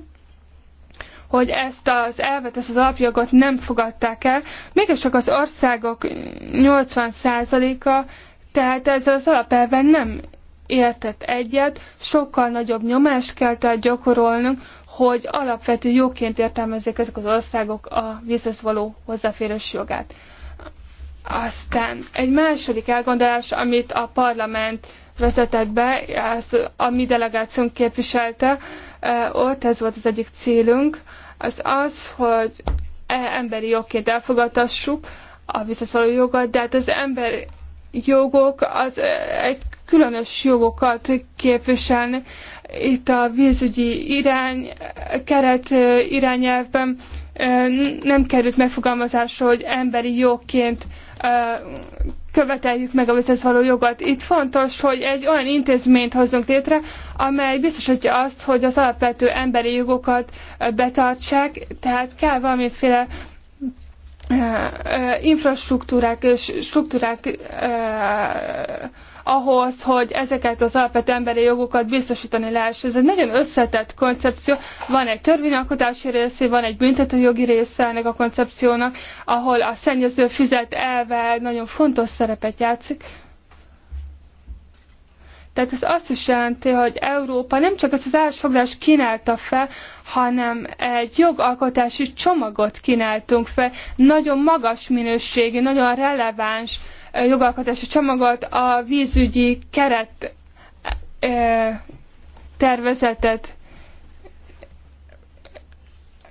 hogy ezt az elvet, ezt az alapjogot nem fogadták el. Mégis csak az országok 80%-a, tehát ezzel az alapelven nem értett egyet, sokkal nagyobb nyomást kell tehát gyakorolnunk, hogy alapvető jóként értelmezzék ezek az országok a vízhez való hozzáférés jogát. Aztán egy második elgondolás, amit a parlament vezetett be, az a mi delegációnk képviselte, ott ez volt az egyik célunk, az az, hogy e emberi jogként elfogadassuk a visszaszóló jogot, de hát az emberi jogok az egy különös jogokat képviselni. Itt a vízügyi irány, keret irányelvben nem került megfogalmazásra, hogy emberi jogként követeljük meg a viszhez való jogot. Itt fontos, hogy egy olyan intézményt hozzunk létre, amely biztosítja azt, hogy az alapvető emberi jogokat betartsák, tehát kell valamiféle infrastruktúrák és struktúrák ahhoz, hogy ezeket az alapvető emberi jogokat biztosítani lehessen. Ez egy nagyon összetett koncepció. Van egy törvényalkotási része, van egy büntetőjogi része ennek a koncepciónak, ahol a szennyező fizet elve nagyon fontos szerepet játszik. Tehát ez azt is jelenti, hogy Európa nem csak ezt az állásfoglalás kínálta fel, hanem egy jogalkotási csomagot kínáltunk fel, nagyon magas minőségű, nagyon releváns uh, jogalkotási csomagot, a vízügyi keret tervezetet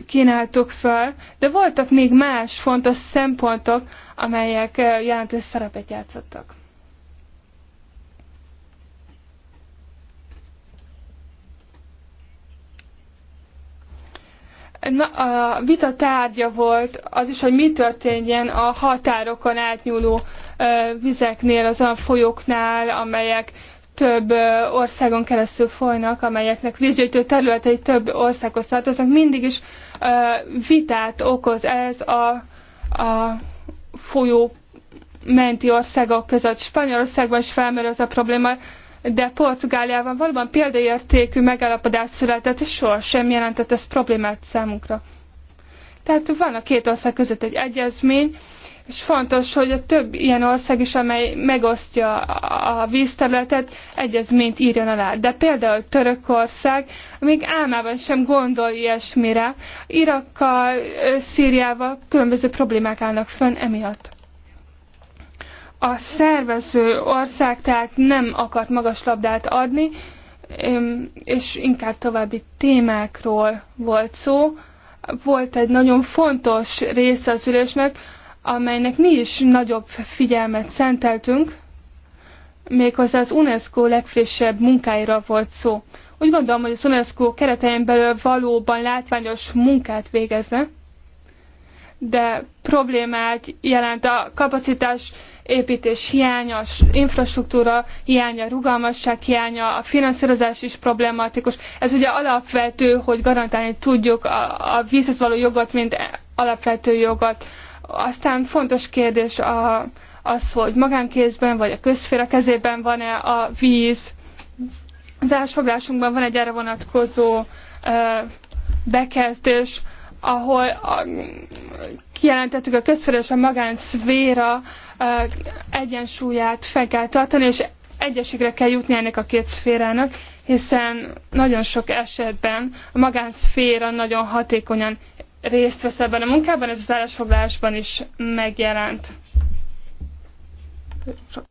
kínáltuk föl, de voltak még más fontos szempontok, amelyek jelentős szerepet játszottak. a vita tárgya volt az is, hogy mi történjen a határokon átnyúló vizeknél, az olyan folyóknál, amelyek több országon keresztül folynak, amelyeknek vízgyűjtő területei több országhoz tartoznak, mindig is vitát okoz ez a, a folyó menti országok között. Spanyolországban is felmerül ez a probléma, de Portugáliában valóban példaértékű megállapodás született, és soha sem jelentett ez problémát számunkra. Tehát van a két ország között egy egyezmény, és fontos, hogy a több ilyen ország is, amely megosztja a vízterületet, egyezményt írjon alá. De például Törökország még álmában sem gondol ilyesmire. Irakkal, Szíriával különböző problémák állnak fönn emiatt a szervező ország tehát nem akart magas labdát adni, és inkább további témákról volt szó. Volt egy nagyon fontos része az ülésnek, amelynek mi is nagyobb figyelmet szenteltünk, méghozzá az UNESCO legfrissebb munkáira volt szó. Úgy gondolom, hogy az UNESCO keretein belül valóban látványos munkát végezne, de problémát jelent a kapacitás építés hiánya, infrastruktúra hiánya, rugalmasság hiánya, a finanszírozás is problematikus. Ez ugye alapvető, hogy garantálni tudjuk a, a vízhez való jogot, mint alapvető jogot. Aztán fontos kérdés a, az, hogy magánkézben vagy a közféra kezében van-e a víz. Az állásfoglásunkban van egy erre vonatkozó ö, bekezdés, ahol a, kijelentettük a közfelelős és a magánszféra egyensúlyát fel kell tartani, és egyesikre kell jutni ennek a két szférának, hiszen nagyon sok esetben a magánszféra nagyon hatékonyan részt vesz ebben a munkában, ez az állásfoglalásban is megjelent.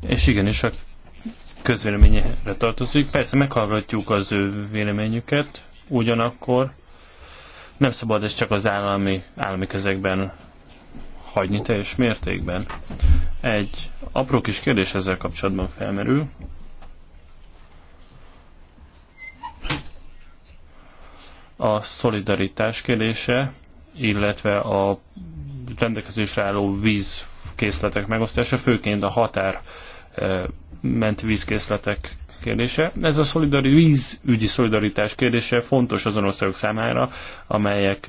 És igenis a közvéleményre tartozik. Persze meghallgatjuk az ő véleményüket, ugyanakkor nem szabad ez csak az állami, állami közegben hagyni teljes mértékben. Egy apró kis kérdés ezzel kapcsolatban felmerül. A szolidaritás kérdése, illetve a rendelkezésre álló vízkészletek megosztása, főként a határ ment vízkészletek kérdése. Ez a szolidari, vízügyi szolidaritás kérdése fontos azon országok számára, amelyek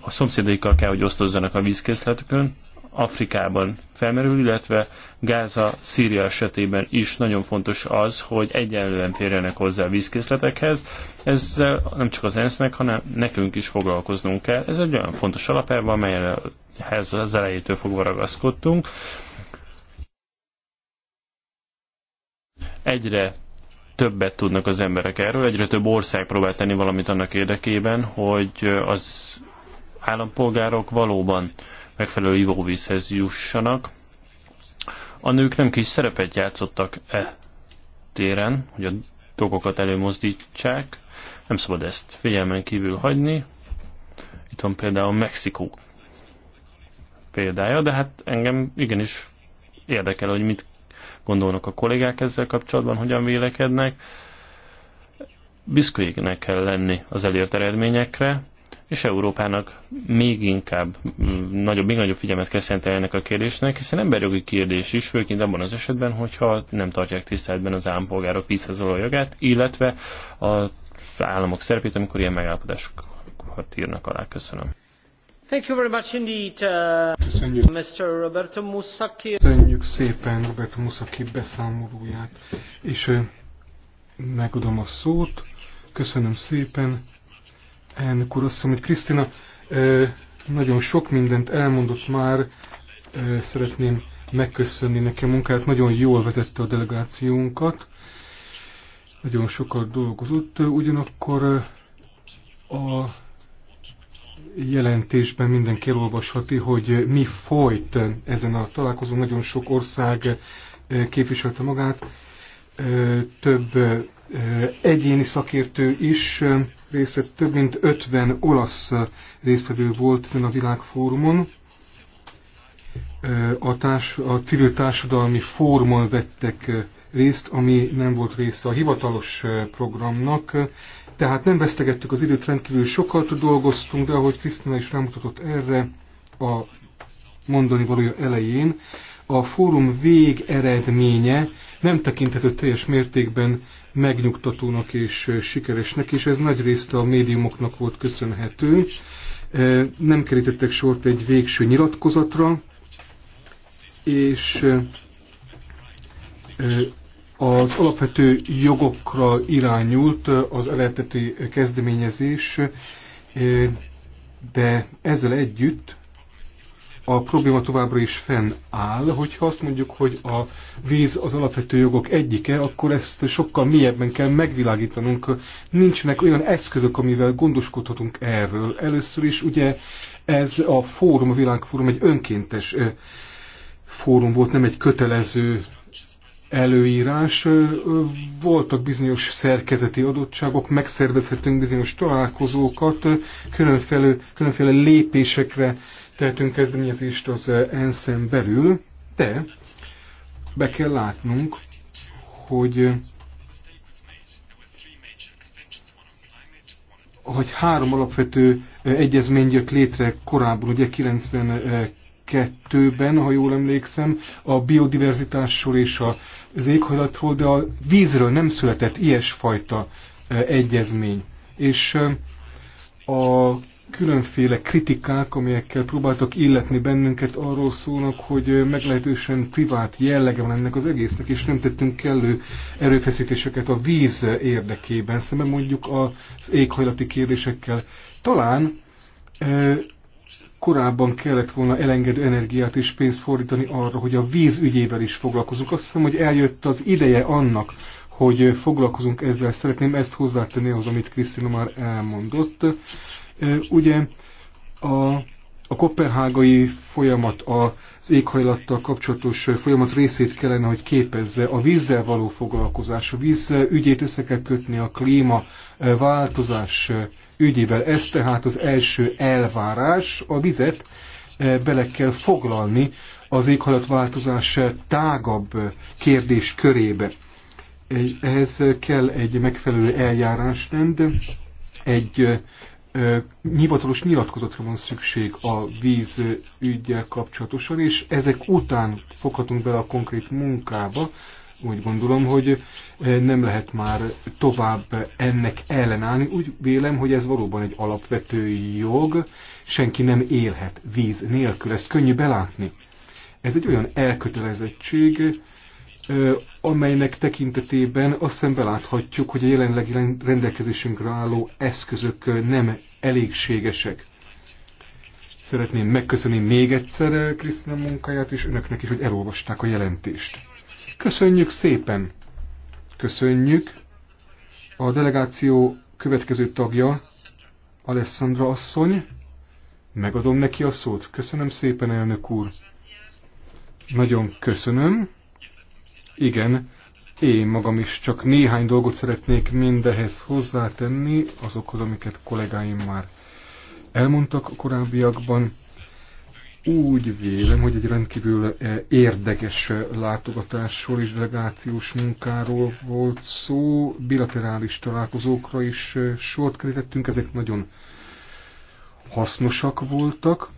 a szomszédaikkal kell, hogy osztozzanak a vízkészletükön. Afrikában felmerül, illetve Gáza, Szíria esetében is nagyon fontos az, hogy egyenlően férjenek hozzá a vízkészletekhez. Ezzel nem csak az ENSZ-nek, hanem nekünk is foglalkoznunk kell. Ez egy olyan fontos alapelve, amelyhez az elejétől fogva ragaszkodtunk. Egyre többet tudnak az emberek erről, egyre több ország próbál tenni valamit annak érdekében, hogy az állampolgárok valóban megfelelő ivóvízhez jussanak. A nők nem kis szerepet játszottak e téren, hogy a dolgokat előmozdítsák. Nem szabad ezt figyelmen kívül hagyni. Itt van például Mexikó példája, de hát engem igenis érdekel, hogy mit gondolnak a kollégák ezzel kapcsolatban, hogyan vélekednek. Büszkének kell lenni az elért eredményekre, és Európának még inkább mm, nagyobb, még nagyobb figyelmet kell szentelni ennek a kérdésnek, hiszen emberjogi kérdés is, főként abban az esetben, hogyha nem tartják tiszteletben az állampolgárok visszazoló jogát, illetve az államok szerepét, amikor ilyen megállapodásokat írnak alá. Köszönöm. Thank you very much indeed, uh, Köszönjük. Mr. Roberto Musaki. Köszönjük szépen Roberto Musaki beszámolóját, és uh, megadom a szót. Köszönöm szépen. Elnök úr, azt hogy Krisztina uh, nagyon sok mindent elmondott már, uh, szeretném megköszönni neki a munkát, nagyon jól vezette a delegációnkat, nagyon sokat dolgozott, ugyanakkor a jelentésben mindenki elolvashatja, hogy mi folyt ezen a találkozón. Nagyon sok ország eh, képviselte magát, eh, több eh, egyéni szakértő is részt vett, több mint 50 olasz résztvevő volt ezen a világfórumon. A, társ, a civil társadalmi fórumon vettek részt, ami nem volt része a hivatalos programnak, tehát nem vesztegettük az időt, rendkívül sokat dolgoztunk, de ahogy Krisztina is rámutatott erre a mondani valója elején, a fórum végeredménye nem tekinthető teljes mértékben megnyugtatónak és sikeresnek, és ez nagy részt a médiumoknak volt köszönhető. E, nem kerítettek sort egy végső nyilatkozatra, és e, az alapvető jogokra irányult az eredeti kezdeményezés, de ezzel együtt a probléma továbbra is fennáll, hogyha azt mondjuk, hogy a víz az alapvető jogok egyike, akkor ezt sokkal mélyebben kell megvilágítanunk. Nincsenek olyan eszközök, amivel gondoskodhatunk erről. Először is ugye ez a fórum, a világfórum egy önkéntes fórum volt, nem egy kötelező előírás. Voltak bizonyos szerkezeti adottságok, megszervezhetünk bizonyos találkozókat, különféle, különféle lépésekre tehetünk kezdeményezést az ENSZ-en belül, de be kell látnunk, hogy hogy három alapvető egyezmény jött létre korábban, ugye 92-ben, ha jól emlékszem, a biodiverzitásról és a az éghajlatról, de a vízről nem született ilyesfajta egyezmény. És a különféle kritikák, amelyekkel próbáltak illetni bennünket, arról szólnak, hogy meglehetősen privát jellege van ennek az egésznek, és nem tettünk kellő erőfeszítéseket a víz érdekében, szemben mondjuk az éghajlati kérdésekkel. Talán korábban kellett volna elengedő energiát és pénzt fordítani arra, hogy a víz ügyével is foglalkozunk. Azt hiszem, hogy eljött az ideje annak, hogy foglalkozunk ezzel. Szeretném ezt hozzátenni ahhoz, amit Krisztina már elmondott. Ugye a, a kopenhágai folyamat, a éghajlattal kapcsolatos folyamat részét kellene, hogy képezze. A vízzel való foglalkozás, a víz ügyét össze kell kötni a klíma eh, változás eh, ügyével. Ez tehát az első elvárás, a vizet eh, bele kell foglalni az éghajlatváltozás tágabb kérdés körébe. Ehhez kell egy megfelelő eljárásrend, egy hivatalos nyilatkozatra van szükség a víz ügyel kapcsolatosan, és ezek után foghatunk bele a konkrét munkába. Úgy gondolom, hogy nem lehet már tovább ennek ellenállni. Úgy vélem, hogy ez valóban egy alapvető jog, senki nem élhet víz nélkül, ezt könnyű belátni. Ez egy olyan elkötelezettség, amelynek tekintetében azt szembe láthatjuk, hogy a jelenlegi rendelkezésünkre álló eszközök nem elégségesek. Szeretném megköszönni még egyszer Krisztina munkáját, és önöknek is, hogy elolvasták a jelentést. Köszönjük szépen! Köszönjük! A delegáció következő tagja, Alessandra asszony. Megadom neki a szót. Köszönöm szépen, elnök úr! Nagyon köszönöm. Igen, én magam is csak néhány dolgot szeretnék mindehez hozzátenni, azokhoz, amiket kollégáim már elmondtak a korábbiakban. Úgy vélem, hogy egy rendkívül eh, érdekes látogatásról és delegációs munkáról volt szó, bilaterális találkozókra is eh, sort kerítettünk, ezek nagyon hasznosak voltak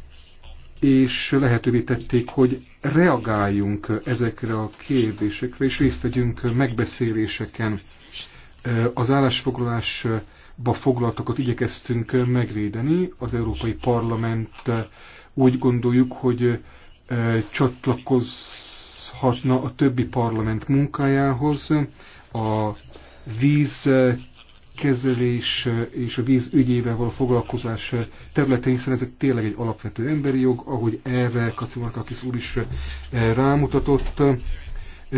és lehetővé tették, hogy reagáljunk ezekre a kérdésekre, és részt vegyünk megbeszéléseken. Az állásfoglalásba foglaltakat igyekeztünk megvédeni. Az Európai Parlament úgy gondoljuk, hogy e, csatlakozhatna a többi parlament munkájához, a víz vízkezelés eh, és a víz ügyével való foglalkozás eh, területén, hiszen ez tényleg egy alapvető emberi jog, ahogy erre Kacimarkakis úr is eh, rámutatott.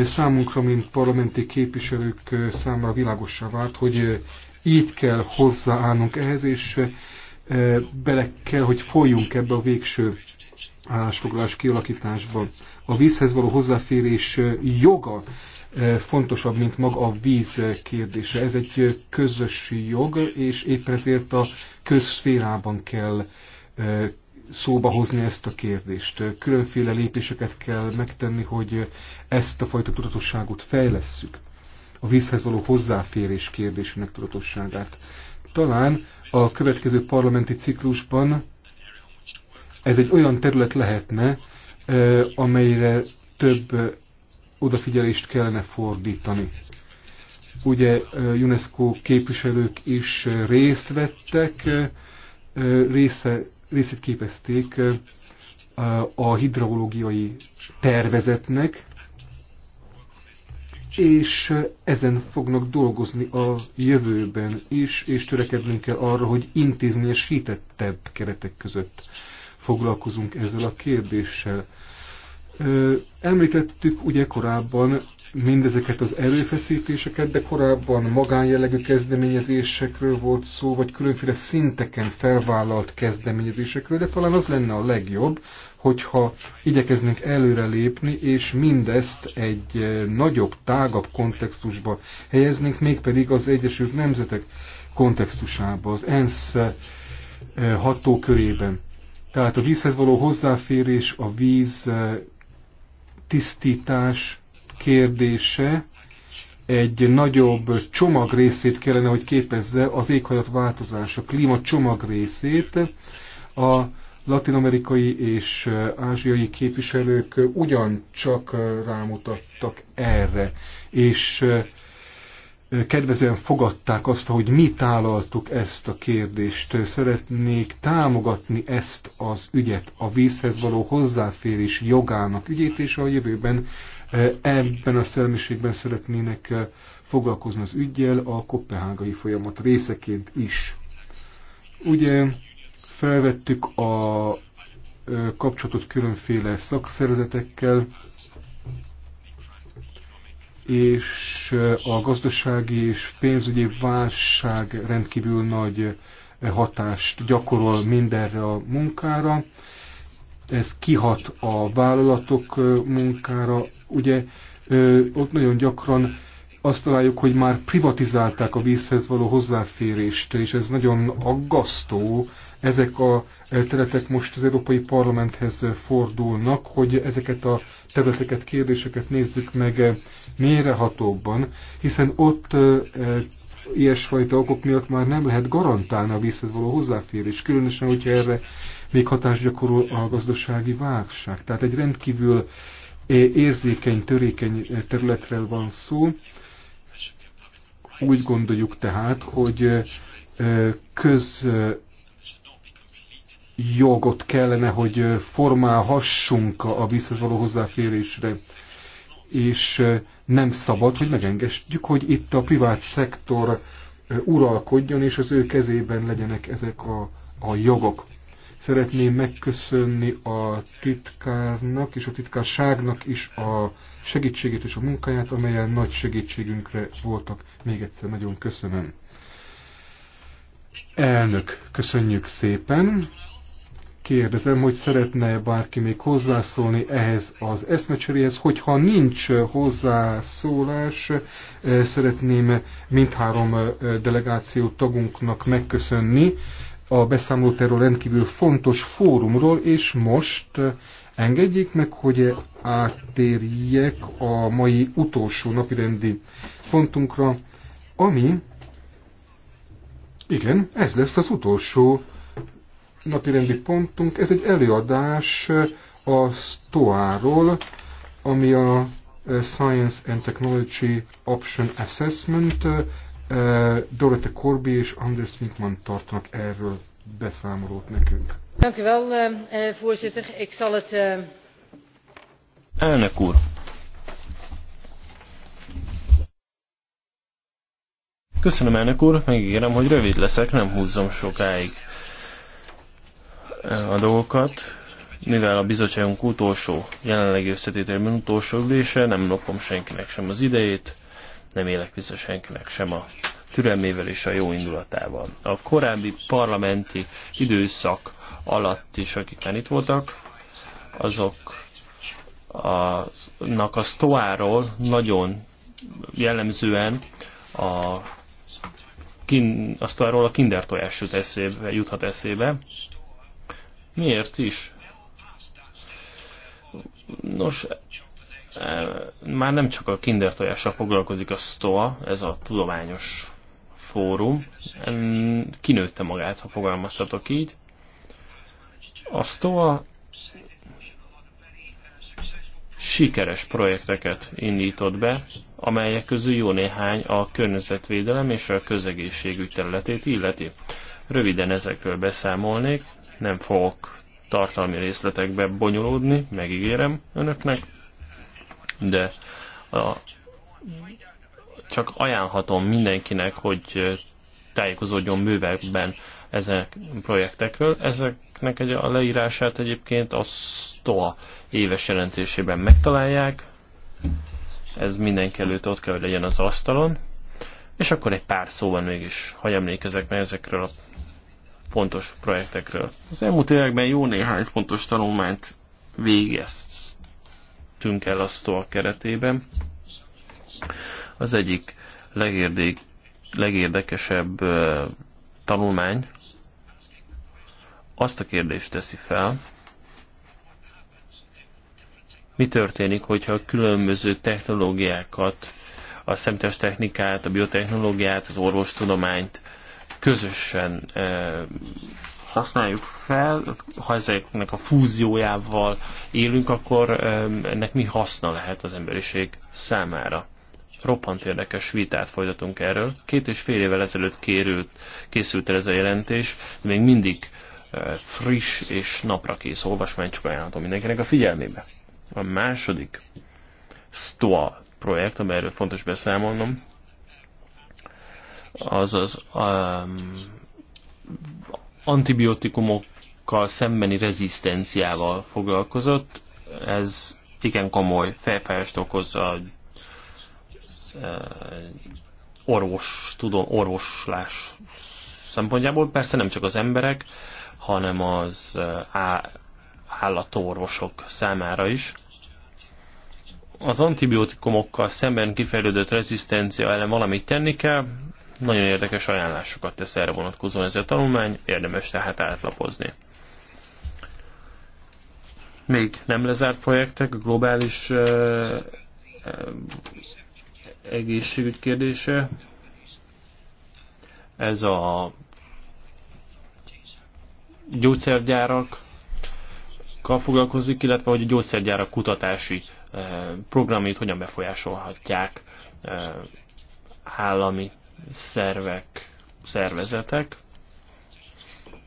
Számunkra, mint parlamenti képviselők számára világosá vált, hogy így kell hozzáállnunk ehhez, és bele kell, hogy folyjunk ebbe a végső állásfoglalás kialakításba. A vízhez való hozzáférés joga fontosabb, mint maga a víz kérdése. Ez egy közös jog, és éppen ezért a közszférában kell e, szóba hozni ezt a kérdést. Különféle lépéseket kell megtenni, hogy ezt a fajta tudatosságot fejlesszük. A vízhez való hozzáférés kérdésének tudatosságát. Talán a következő parlamenti ciklusban ez egy olyan terület lehetne, e, amelyre több odafigyelést kellene fordítani. Ugye UNESCO képviselők is részt vettek, része, részét képezték a hidrológiai tervezetnek, és ezen fognak dolgozni a jövőben is, és törekednünk kell arra, hogy intézményesítettebb keretek között foglalkozunk ezzel a kérdéssel. Említettük ugye korábban mindezeket az erőfeszítéseket, de korábban magánjellegű kezdeményezésekről volt szó, vagy különféle szinteken felvállalt kezdeményezésekről, de talán az lenne a legjobb, hogyha igyekeznénk előrelépni, és mindezt egy nagyobb, tágabb kontextusba helyeznénk, mégpedig az Egyesült Nemzetek kontextusába, az ENSZ hatókörében. Tehát a vízhez való hozzáférés, a víz tisztítás kérdése egy nagyobb csomag részét kellene, hogy képezze az éghajlatváltozás, a klíma csomag részét. A latinamerikai és ázsiai képviselők ugyancsak rámutattak erre, és kedvezően fogadták azt, hogy mi tálaltuk ezt a kérdést. Szeretnék támogatni ezt az ügyet, a vízhez való hozzáférés jogának ügyét, és a jövőben eh, ebben a szellemiségben szeretnének eh, foglalkozni az ügyjel a kopenhágai folyamat részeként is. Ugye felvettük a eh, kapcsolatot különféle szakszervezetekkel, és a gazdasági és pénzügyi válság rendkívül nagy hatást gyakorol mindenre a munkára. Ez kihat a vállalatok munkára. Ugye ott nagyon gyakran azt találjuk, hogy már privatizálták a vízhez való hozzáférést, és ez nagyon aggasztó ezek a területek most az Európai Parlamenthez fordulnak, hogy ezeket a területeket, kérdéseket nézzük meg mérehatóbban, hiszen ott ilyesfajta okok miatt már nem lehet garantálni a vízhez való hozzáférés, különösen, hogyha erre még hatás gyakorol a gazdasági válság. Tehát egy rendkívül érzékeny, törékeny területről van szó. Úgy gondoljuk tehát, hogy köz jogot kellene, hogy formálhassunk a biztos való hozzáférésre. És nem szabad, hogy megengedjük, hogy itt a privát szektor uralkodjon, és az ő kezében legyenek ezek a, a jogok. Szeretném megköszönni a titkárnak és a titkárságnak is a segítségét és a munkáját, amelyen nagy segítségünkre voltak. Még egyszer nagyon köszönöm. Elnök, köszönjük szépen kérdezem, hogy szeretne -e bárki még hozzászólni ehhez az eszmecseréhez. Hogyha nincs hozzászólás, eh, szeretném mindhárom eh, delegáció tagunknak megköszönni a beszámolót erről rendkívül fontos fórumról, és most eh, engedjék meg, hogy áttérjek a mai utolsó napirendi pontunkra, ami, igen, ez lesz az utolsó napirendi pontunk. Ez egy előadás eh, a STOA-ról, ami a eh, Science and Technology Option Assessment. Eh, Dorothy Corby és Anders Winkman tartanak erről beszámolót nekünk. Dank u wel, voorzitter. Ik zal het... Elnök úr, Köszönöm, elnök úr, megígérem, hogy rövid leszek, nem húzzom sokáig a dolgokat, mivel a bizottságunk utolsó, jelenlegi összetételben utolsó ülése, nem lopom senkinek sem az idejét, nem élek vissza senkinek sem a türelmével és a jó indulatával. A korábbi parlamenti időszak alatt is, akik már itt voltak, azok a sztoáról nagyon jellemzően a, kin, a sztoáról a kindertojás jut eszébe, juthat eszébe, Miért is? Nos, e, már nem csak a kinder tojással foglalkozik a STOA, ez a tudományos fórum. Kinőtte magát, ha fogalmazhatok így. A STOA sikeres projekteket indított be, amelyek közül jó néhány a környezetvédelem és a közegészségügy területét illeti. Röviden ezekről beszámolnék, nem fogok tartalmi részletekbe bonyolódni, megígérem önöknek, de a, csak ajánlhatom mindenkinek, hogy tájékozódjon művekben ezek projektekről. Ezeknek egy, a leírását egyébként a STOA éves jelentésében megtalálják. Ez mindenki előtt ott kell, hogy legyen az asztalon. És akkor egy pár szóban mégis, ha emlékezek meg ezekről a fontos projektekről. Az elmúlt években jó néhány fontos tanulmányt végeztünk el a STOA keretében. Az egyik legérdék, legérdekesebb uh, tanulmány azt a kérdést teszi fel, mi történik, hogyha különböző technológiákat, a szemtes technikát, a biotechnológiát, az orvostudományt közösen használjuk fel, ha ezeknek a fúziójával élünk, akkor ennek mi haszna lehet az emberiség számára. Roppant érdekes vitát folytatunk erről. Két és fél évvel ezelőtt kérült, készült el ez a jelentés, de még mindig friss és naprakész olvasmány csak ajánlhatom mindenkinek a figyelmébe. A második STOA projekt, amelyről fontos beszámolnom, az um, antibiotikumokkal szembeni rezisztenciával foglalkozott. Ez igen komoly fejfájást okoz a uh, orvos, tudom, orvoslás szempontjából. Persze nem csak az emberek, hanem az uh, állatorvosok számára is. Az antibiotikumokkal szemben kifejlődött rezisztencia ellen valamit tenni kell, nagyon érdekes ajánlásokat tesz erre vonatkozóan ez a tanulmány, érdemes tehát átlapozni. Még nem lezárt projektek, globális uh, egészségügy kérdése. Ez a gyógyszergyárak foglalkozik, illetve hogy a gyógyszergyárak kutatási programjait hogyan befolyásolhatják állami szervek, szervezetek.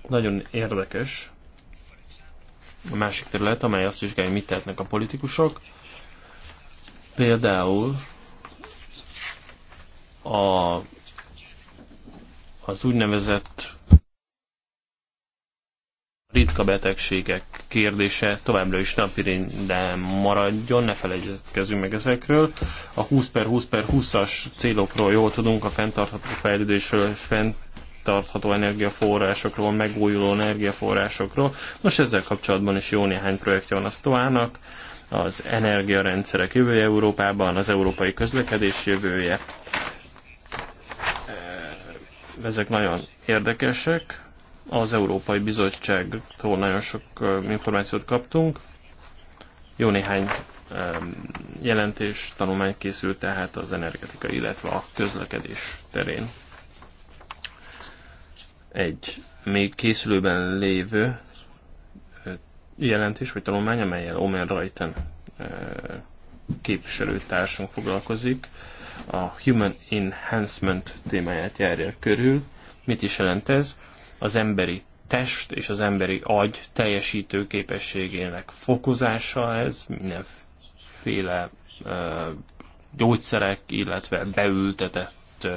Nagyon érdekes a másik terület, amely azt vizsgálja, mit tehetnek a politikusok. Például a, az úgynevezett ritka betegségek kérdése továbbra is napirinden maradjon, ne felejtkezzünk meg ezekről. A 20 per 20 per 20-as célokról jól tudunk, a fenntartható fejlődésről és fenntartható energiaforrásokról, megújuló energiaforrásokról. Most ezzel kapcsolatban is jó néhány projektje van a Stoának az energiarendszerek jövője Európában, az európai közlekedés jövője. Ezek nagyon érdekesek az Európai Bizottságtól nagyon sok információt kaptunk. Jó néhány jelentés, tanulmány készült tehát az energetika, illetve a közlekedés terén. Egy még készülőben lévő jelentés vagy tanulmány, amelyel Omer Rajten képviselőtársunk foglalkozik, a Human Enhancement témáját járja körül. Mit is jelent ez? az emberi test és az emberi agy teljesítő képességének fokozása ez, mindenféle gyógyszerek, illetve beültetett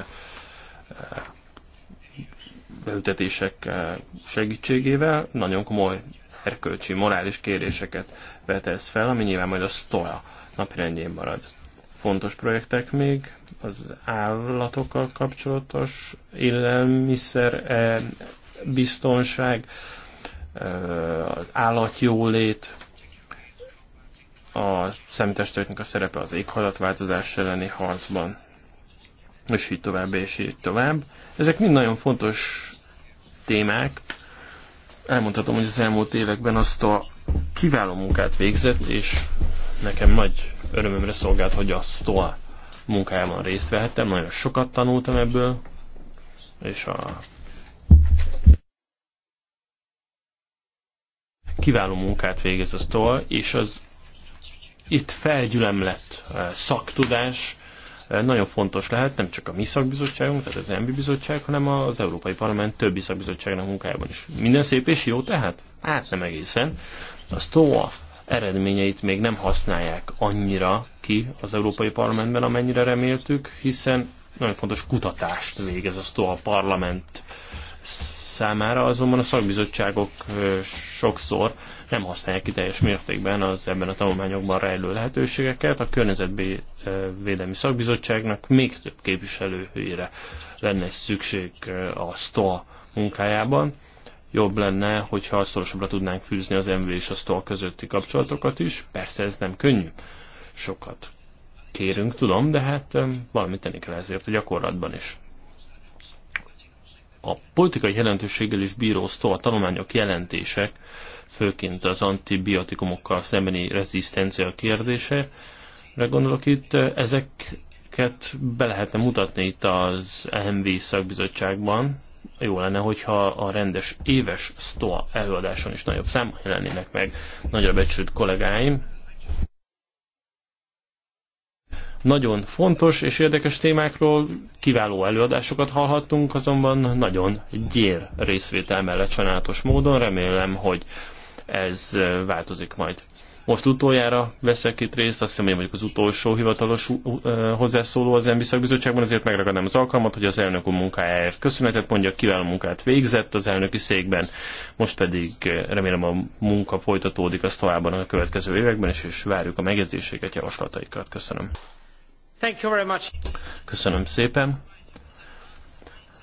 beültetések segítségével nagyon komoly erkölcsi, morális kérdéseket vet ez fel, ami nyilván majd a STOA napirendjén marad. Fontos projektek még az állatokkal kapcsolatos élelmiszer biztonság, az állatjólét, a szemtestőknek a szerepe az éghajlatváltozás elleni harcban, és így tovább, és így tovább. Ezek mind nagyon fontos témák. Elmondhatom, hogy az elmúlt években azt a kiváló munkát végzett, és nekem nagy örömömre szolgált, hogy a STOA munkájában részt vehettem. Nagyon sokat tanultam ebből, és a kiváló munkát végez a sztól, és az itt felgyülemlett eh, szaktudás eh, nagyon fontos lehet, nem csak a mi szakbizottságunk, tehát az ENBI bizottság, hanem az Európai Parlament többi szakbizottságnak munkájában is. Minden szép és jó tehát? Hát nem egészen. A STOA eredményeit még nem használják annyira ki az Európai Parlamentben, amennyire reméltük, hiszen nagyon fontos kutatást végez a STOA parlament számára, azonban a szakbizottságok sokszor nem használják ki teljes mértékben az ebben a tanulmányokban rejlő lehetőségeket. A Környezetvédelmi Szakbizottságnak még több képviselőhelyére lenne szükség a STOA munkájában. Jobb lenne, hogyha szorosabbra tudnánk fűzni az MV és a STOA közötti kapcsolatokat is. Persze ez nem könnyű. Sokat kérünk, tudom, de hát valamit tenni kell ezért a gyakorlatban is a politikai jelentőséggel is bíróztó a tanulmányok jelentések, főként az antibiotikumokkal szembeni rezisztencia kérdése, gondolok itt, ezeket be lehetne mutatni itt az EMV szakbizottságban, jó lenne, hogyha a rendes éves STOA előadáson is nagyobb számban jelennének meg nagyra becsült kollégáim, nagyon fontos és érdekes témákról kiváló előadásokat hallhattunk, azonban nagyon gyér részvétel mellett sajnálatos módon. Remélem, hogy ez változik majd. Most utoljára veszek itt részt, azt hiszem hogy mondjuk az utolsó hivatalos hozzászóló az ENBI szakbizottságban, azért megragadnám az alkalmat, hogy az elnök úr munkájáért köszönetet mondja, kiváló munkát végzett az elnöki székben, most pedig remélem a munka folytatódik az továbban a következő években, és, és várjuk a megjegyzéseket, javaslataikat. Köszönöm. Köszönöm szépen.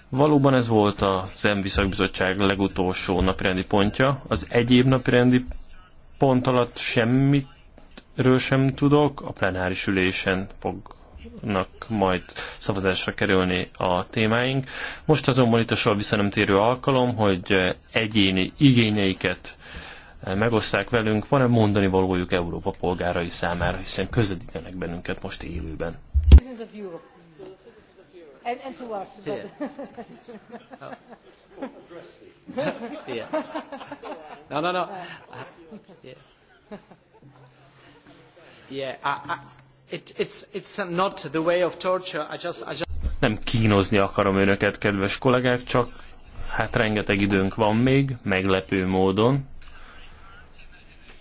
Valóban ez volt a Zenviszak Bizottság legutolsó napirendi pontja. Az egyéb napirendi pont alatt semmitről sem tudok. A plenáris ülésen fognak majd szavazásra kerülni a témáink. Most azonban itt a sor visszanemtérő alkalom, hogy egyéni igényeiket megoszták velünk, van-e mondani valójuk Európa polgárai számára, hiszen közvetítenek bennünket most élőben. And, and to us. But oh. <laughs> yeah. No, no, no. Uh, yeah. Yeah. I, I, it, it's, it's not the way of torture. I just, I just... Nem kínozni akarom önöket, kedves kollégák, csak hát rengeteg időnk van még, meglepő módon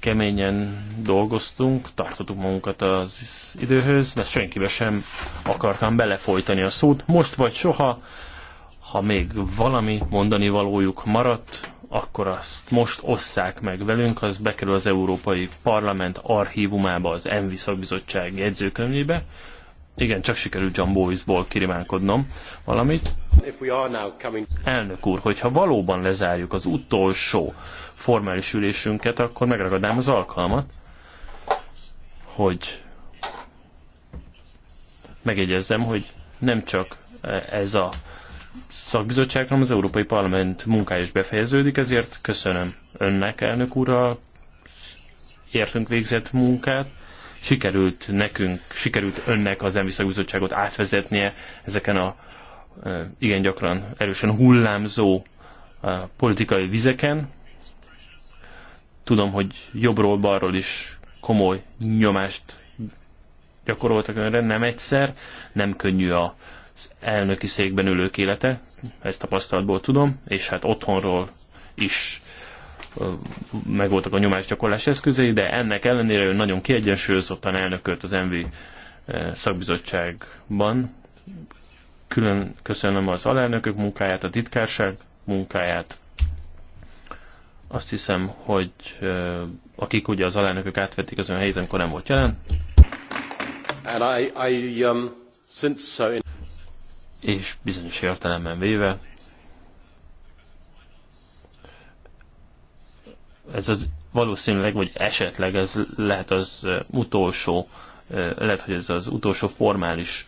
keményen dolgoztunk, tartottuk magunkat az időhöz, de senkibe sem akartam belefolytani a szót. Most vagy soha, ha még valami mondani valójuk maradt, akkor azt most osszák meg velünk, az bekerül az Európai Parlament archívumába, az ENVI szakbizottság jegyzőkönyvébe. Igen, csak sikerült John Boyce-ból kirimánkodnom valamit. Coming... Elnök úr, hogyha valóban lezárjuk az utolsó formális ülésünket, akkor megragadnám az alkalmat, hogy megjegyezzem, hogy nem csak ez a szakbizottság, hanem az Európai Parlament munkája is befejeződik, ezért köszönöm önnek, elnök úr, a értünk végzett munkát. Sikerült nekünk, sikerült önnek az emi szakbizottságot átvezetnie ezeken a igen gyakran erősen hullámzó eh, politikai vizeken. Tudom, hogy jobbról-balról is komoly nyomást gyakoroltak önre, nem egyszer, nem könnyű az elnöki székben ülők élete, ezt tapasztalatból tudom, és hát otthonról is megvoltak a nyomásgyakorlás eszközei, de ennek ellenére ő nagyon kiegyensúlyozottan elnökölt az MV szakbizottságban. Külön köszönöm az alelnökök munkáját, a titkárság munkáját, azt hiszem, hogy akik ugye az alelnökök átvették az ön helyét, amikor nem volt jelen. And I, I, um, since so in... És bizonyos értelemben véve, ez az valószínűleg, vagy esetleg ez lehet az utolsó, lehet, hogy ez az utolsó formális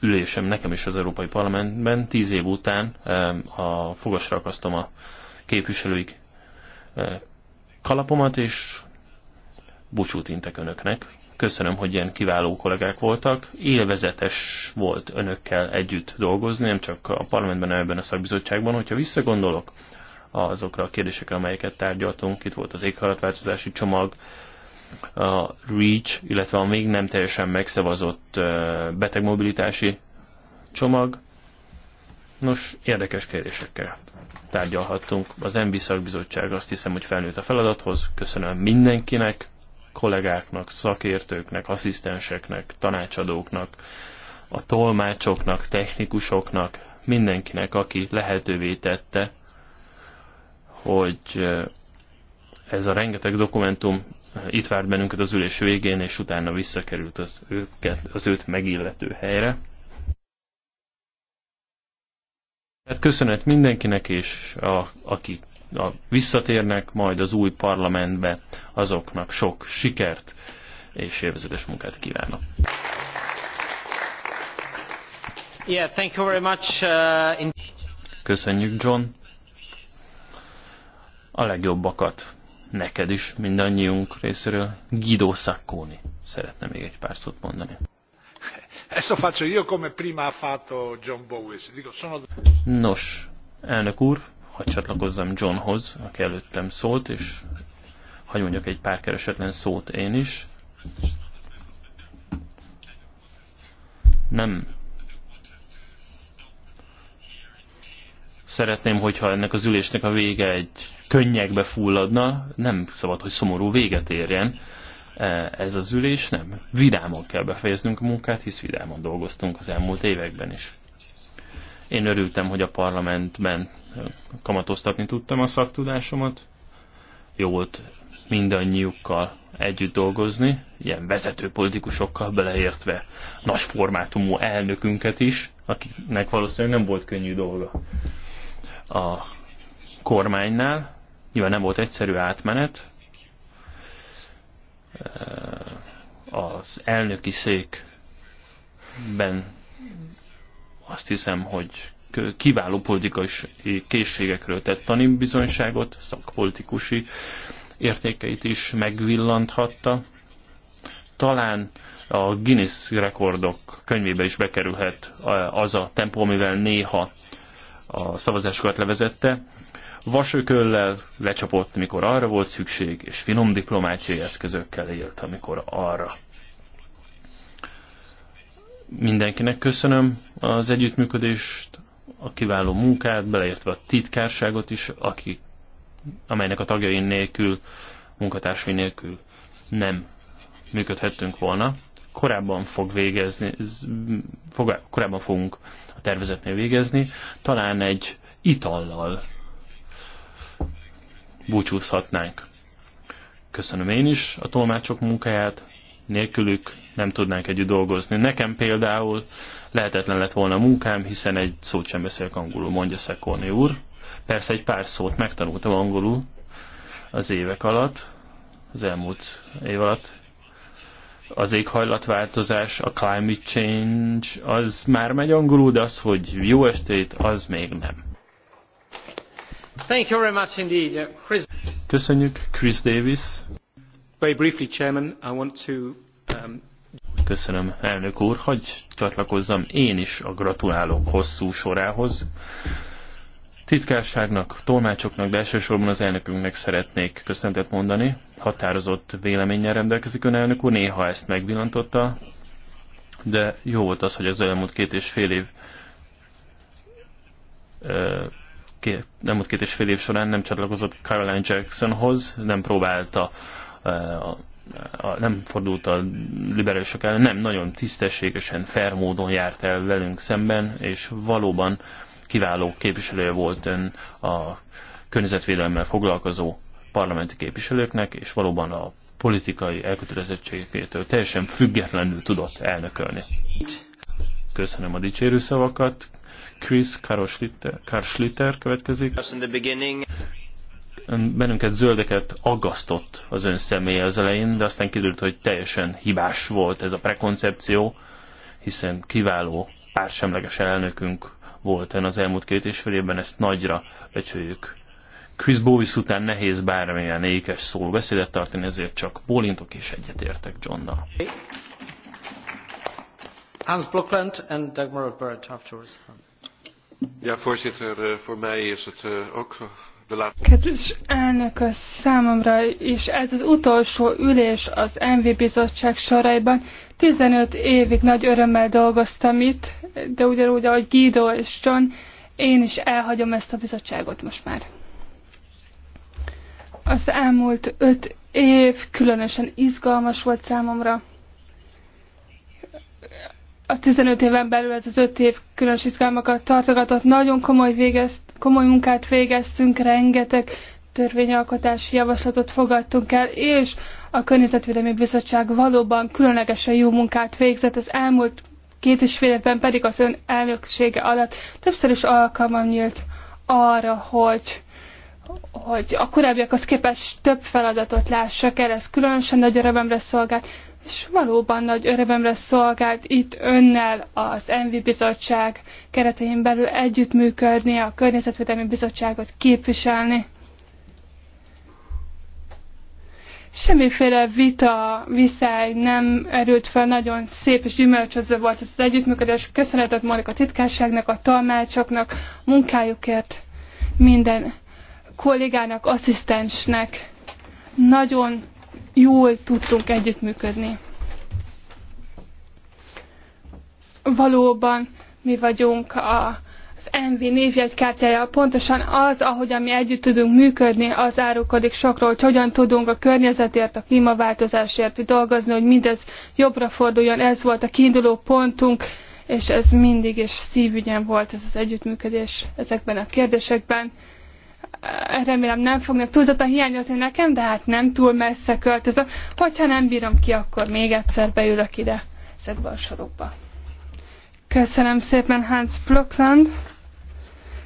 ülésem nekem is az Európai Parlamentben. Tíz év után a fogasra akasztom a képviselőik kalapomat, és búcsút intek önöknek. Köszönöm, hogy ilyen kiváló kollégák voltak. Élvezetes volt önökkel együtt dolgozni, nem csak a parlamentben, hanem ebben a szakbizottságban. Hogyha visszagondolok azokra a kérdésekre, amelyeket tárgyaltunk, itt volt az éghajlatváltozási csomag, a REACH, illetve a még nem teljesen megszavazott betegmobilitási csomag, Nos, érdekes kérdésekkel tárgyalhattunk. Az MB szakbizottság azt hiszem, hogy felnőtt a feladathoz. Köszönöm mindenkinek, kollégáknak, szakértőknek, asszisztenseknek, tanácsadóknak, a tolmácsoknak, technikusoknak, mindenkinek, aki lehetővé tette, hogy eh, ez a rengeteg dokumentum eh, itt várt bennünket az ülés végén, és utána visszakerült az, őket, az őt megillető helyre. Hát köszönet mindenkinek, és a, akik a, visszatérnek majd az új parlamentbe, azoknak sok sikert és élvezetes munkát kívánok. Yeah, thank you very much, uh, in... Köszönjük, John. A legjobbakat neked is, mindannyiunk részéről. Guido Sacconi szeretne még egy pár szót mondani. Nos, elnök úr, hadd csatlakozzam Johnhoz, aki előttem szólt, és hagy mondjak egy pár keresetlen szót én is. Nem szeretném, hogyha ennek az ülésnek a vége egy könnyekbe fulladna, nem szabad, hogy szomorú véget érjen. E, ez az ülés, nem. Vidámon kell befejeznünk a munkát, hisz vidámon dolgoztunk az elmúlt években is. Én örültem, hogy a parlamentben e, kamatoztatni tudtam a szaktudásomat. Jó volt mindannyiukkal együtt dolgozni, ilyen vezető politikusokkal beleértve nagy formátumú elnökünket is, akinek valószínűleg nem volt könnyű dolga a kormánynál. Nyilván nem volt egyszerű átmenet, az elnöki székben azt hiszem, hogy kiváló politikai készségekről tett tanúbizonyságot, szakpolitikusi értékeit is megvillanthatta. Talán a Guinness rekordok könyvébe is bekerülhet az a tempó, amivel néha a szavazásokat levezette vasököllel lecsapott, mikor arra volt szükség, és finom diplomáciai eszközökkel élt, amikor arra. Mindenkinek köszönöm az együttműködést, a kiváló munkát, beleértve a titkárságot is, aki, amelynek a tagjai nélkül, munkatársai nélkül nem működhettünk volna. Korábban fog végezni, fog, korábban fogunk a tervezetnél végezni, talán egy itallal búcsúzhatnánk. Köszönöm én is a tolmácsok munkáját, nélkülük nem tudnánk együtt dolgozni. Nekem például lehetetlen lett volna a munkám, hiszen egy szót sem beszélek angolul, mondja Szekorni úr. Persze egy pár szót megtanultam angolul az évek alatt, az elmúlt év alatt. Az éghajlatváltozás, a climate change, az már megy angolul, de az, hogy jó estét, az még nem. Thank you very much indeed. Uh, Chris. Köszönjük, Chris Davis. Very briefly, Chairman, I want to... Um... Köszönöm, elnök úr. hogy csatlakozzam én is a gratulálók hosszú sorához. Titkárságnak, tolmácsoknak, de elsősorban az elnökünknek szeretnék köszöntet mondani. Határozott véleménnyel rendelkezik ön elnök úr, néha ezt megvillantotta, de jó volt az, hogy az elmúlt két és fél év két, elmúlt két és fél év során nem csatlakozott Caroline Jacksonhoz, nem próbálta, a, eh, a, a, nem fordult a liberálisok ellen, nem, nagyon tisztességesen, fair módon járt el velünk szemben, és valóban kiváló képviselője volt ön a környezetvédelemmel foglalkozó parlamenti képviselőknek, és valóban a politikai elkötelezettségétől teljesen függetlenül tudott elnökölni. Köszönöm a dicsérő szavakat, Chris Karslitter következik. Bennünket zöldeket aggasztott az ön személye az elején, de aztán kiderült, hogy teljesen hibás volt ez a prekoncepció, hiszen kiváló pársemleges elnökünk volt ön az elmúlt két és fél évben, ezt nagyra becsüljük. Chris Bowis után nehéz bármilyen ékes szó beszédet tartani, ezért csak bólintok és egyetértek Johnnal. Hans Blockland, and Dagmar Barrett afterwards. Hans. Ja, voorzitter, eh, voor mij is het eh, ook Kedves elnök, számomra is ez az utolsó ülés az MV bizottság soraiban. 15 évig nagy örömmel dolgoztam itt, de ugyanúgy, ahogy Guido és John, én is elhagyom ezt a bizottságot most már. Az elmúlt öt év különösen izgalmas volt számomra a 15 éven belül ez az 5 év különös izgalmakat tartogatott, nagyon komoly, végezt, komoly munkát végeztünk, rengeteg törvényalkotási javaslatot fogadtunk el, és a Környezetvédelmi Bizottság valóban különlegesen jó munkát végzett. Az elmúlt két és fél évben pedig az ön elnöksége alatt többször is alkalmam nyílt arra, hogy hogy a korábbiakhoz képest több feladatot lássak el, ez különösen nagy örömömre szolgált. És valóban nagy örömömre szolgált itt önnel az ENVI bizottság keretein belül együttműködni, a Környezetvédelmi Bizottságot képviselni. Semmiféle vita, viszály nem erült fel, nagyon szép és gyümölcsöző volt ez az együttműködés. Köszönetet mondok a titkárságnak, a talmácsoknak, munkájukért, minden kollégának, asszisztensnek. Nagyon jól tudtunk együttműködni. Valóban mi vagyunk a, az MV névjegykártyája pontosan az, ahogyan mi együtt tudunk működni, az árukodik sokról, hogy hogyan tudunk a környezetért, a klímaváltozásért dolgozni, hogy mindez jobbra forduljon, ez volt a kiinduló pontunk, és ez mindig és szívügyem volt ez az együttműködés ezekben a kérdésekben remélem nem fognak túlzottan hiányozni nekem, de hát nem túl messze költözöm. Hogyha nem bírom ki, akkor még egyszer beülök ide ezekbe a sorokba. Köszönöm szépen Hans Blokland.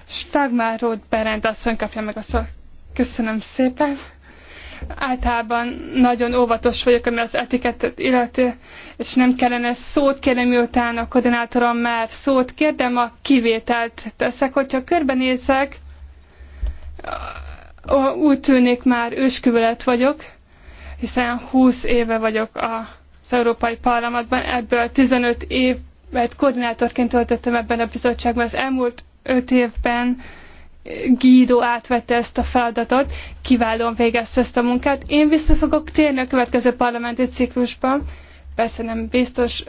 Stagmár Roth Berend asszony kapja meg a szót. Köszönöm szépen. Általában nagyon óvatos vagyok, ami az etikettet illeti, és nem kellene szót kérni, miután a koordinátorom már szót kér, de ma kivételt teszek. Hogyha körbenézek, úgy tűnik már őskövület vagyok, hiszen 20 éve vagyok az Európai Parlamentben, ebből 15 évet koordinátorként töltöttem ebben a bizottságban. Az elmúlt 5 évben Guido átvette ezt a feladatot, kiválóan végezte ezt a munkát. Én vissza fogok térni a következő parlamenti ciklusban, persze nem biztos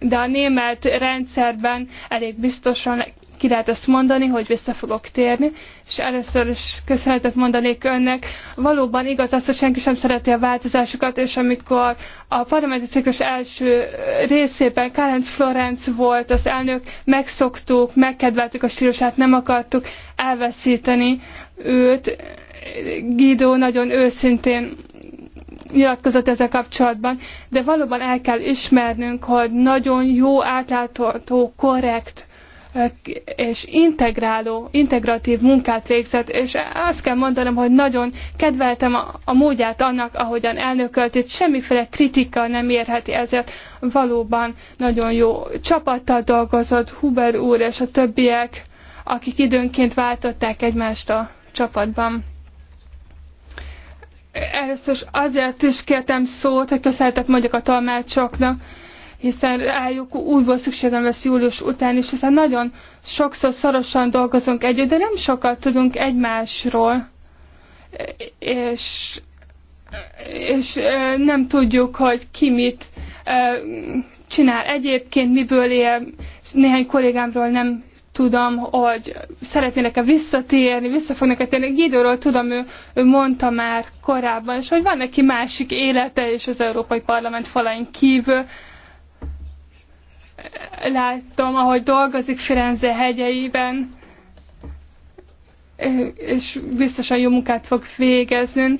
de a német rendszerben elég biztosan ki lehet ezt mondani, hogy vissza fogok térni, és először is köszönetet mondanék önnek. Valóban igaz az, hogy senki sem szereti a változásokat, és amikor a parlamenti ciklus első részében Kárenc Florenc volt az elnök, megszoktuk, megkedveltük a stílusát, nem akartuk elveszíteni őt. Guido nagyon őszintén nyilatkozott ezzel kapcsolatban, de valóban el kell ismernünk, hogy nagyon jó, átlátható, korrekt és integráló, integratív munkát végzett, és azt kell mondanom, hogy nagyon kedveltem a, a módját annak, ahogyan elnökölt, itt semmiféle kritika nem érheti ezért, valóban nagyon jó csapattal dolgozott, Huber úr és a többiek, akik időnként váltották egymást a csapatban. Először is azért is kértem szót, hogy köszönhetek mondjak a tolmácsoknak, hiszen rájuk volt szükségem lesz július után is, hiszen nagyon sokszor szorosan dolgozunk együtt, de nem sokat tudunk egymásról. És, és nem tudjuk, hogy ki mit csinál egyébként, miből él, néhány kollégámról nem tudom, hogy szeretnének-e visszatérni, vissza fognak-e térni. Gidóról tudom, ő, ő mondta már korábban, és hogy van neki másik élete, és az Európai Parlament falain kívül láttam, ahogy dolgozik Firenze hegyeiben, és biztosan jó munkát fog végezni.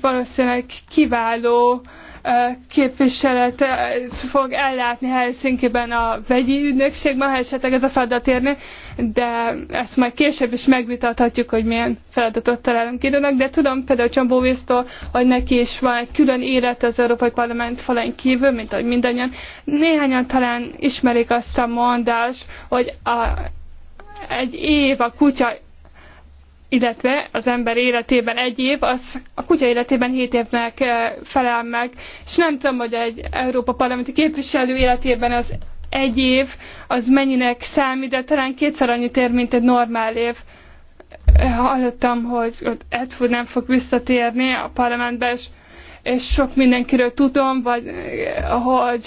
Valószínűleg kiváló képviselet fog ellátni Helsinki-ben a vegyi ügynökségben, ha esetleg ez a feladat érne, de ezt majd később is megvitathatjuk, hogy milyen feladatot találunk időnek, de tudom például Csambó Víztól, hogy neki is van egy külön élet az Európai Parlament falain kívül, mint ahogy mindannyian. Néhányan talán ismerik azt a mondást, hogy a, egy év a kutya illetve az ember életében egy év, az a kutya életében hét évnek eh, felel meg. És nem tudom, hogy egy Európa parlamenti képviselő életében az egy év, az mennyinek számít, de talán kétszer annyit ér, mint egy normál év. Eh, hallottam, hogy Edford nem fog visszatérni a parlamentbe, és, és sok mindenkiről tudom, vagy eh, hogy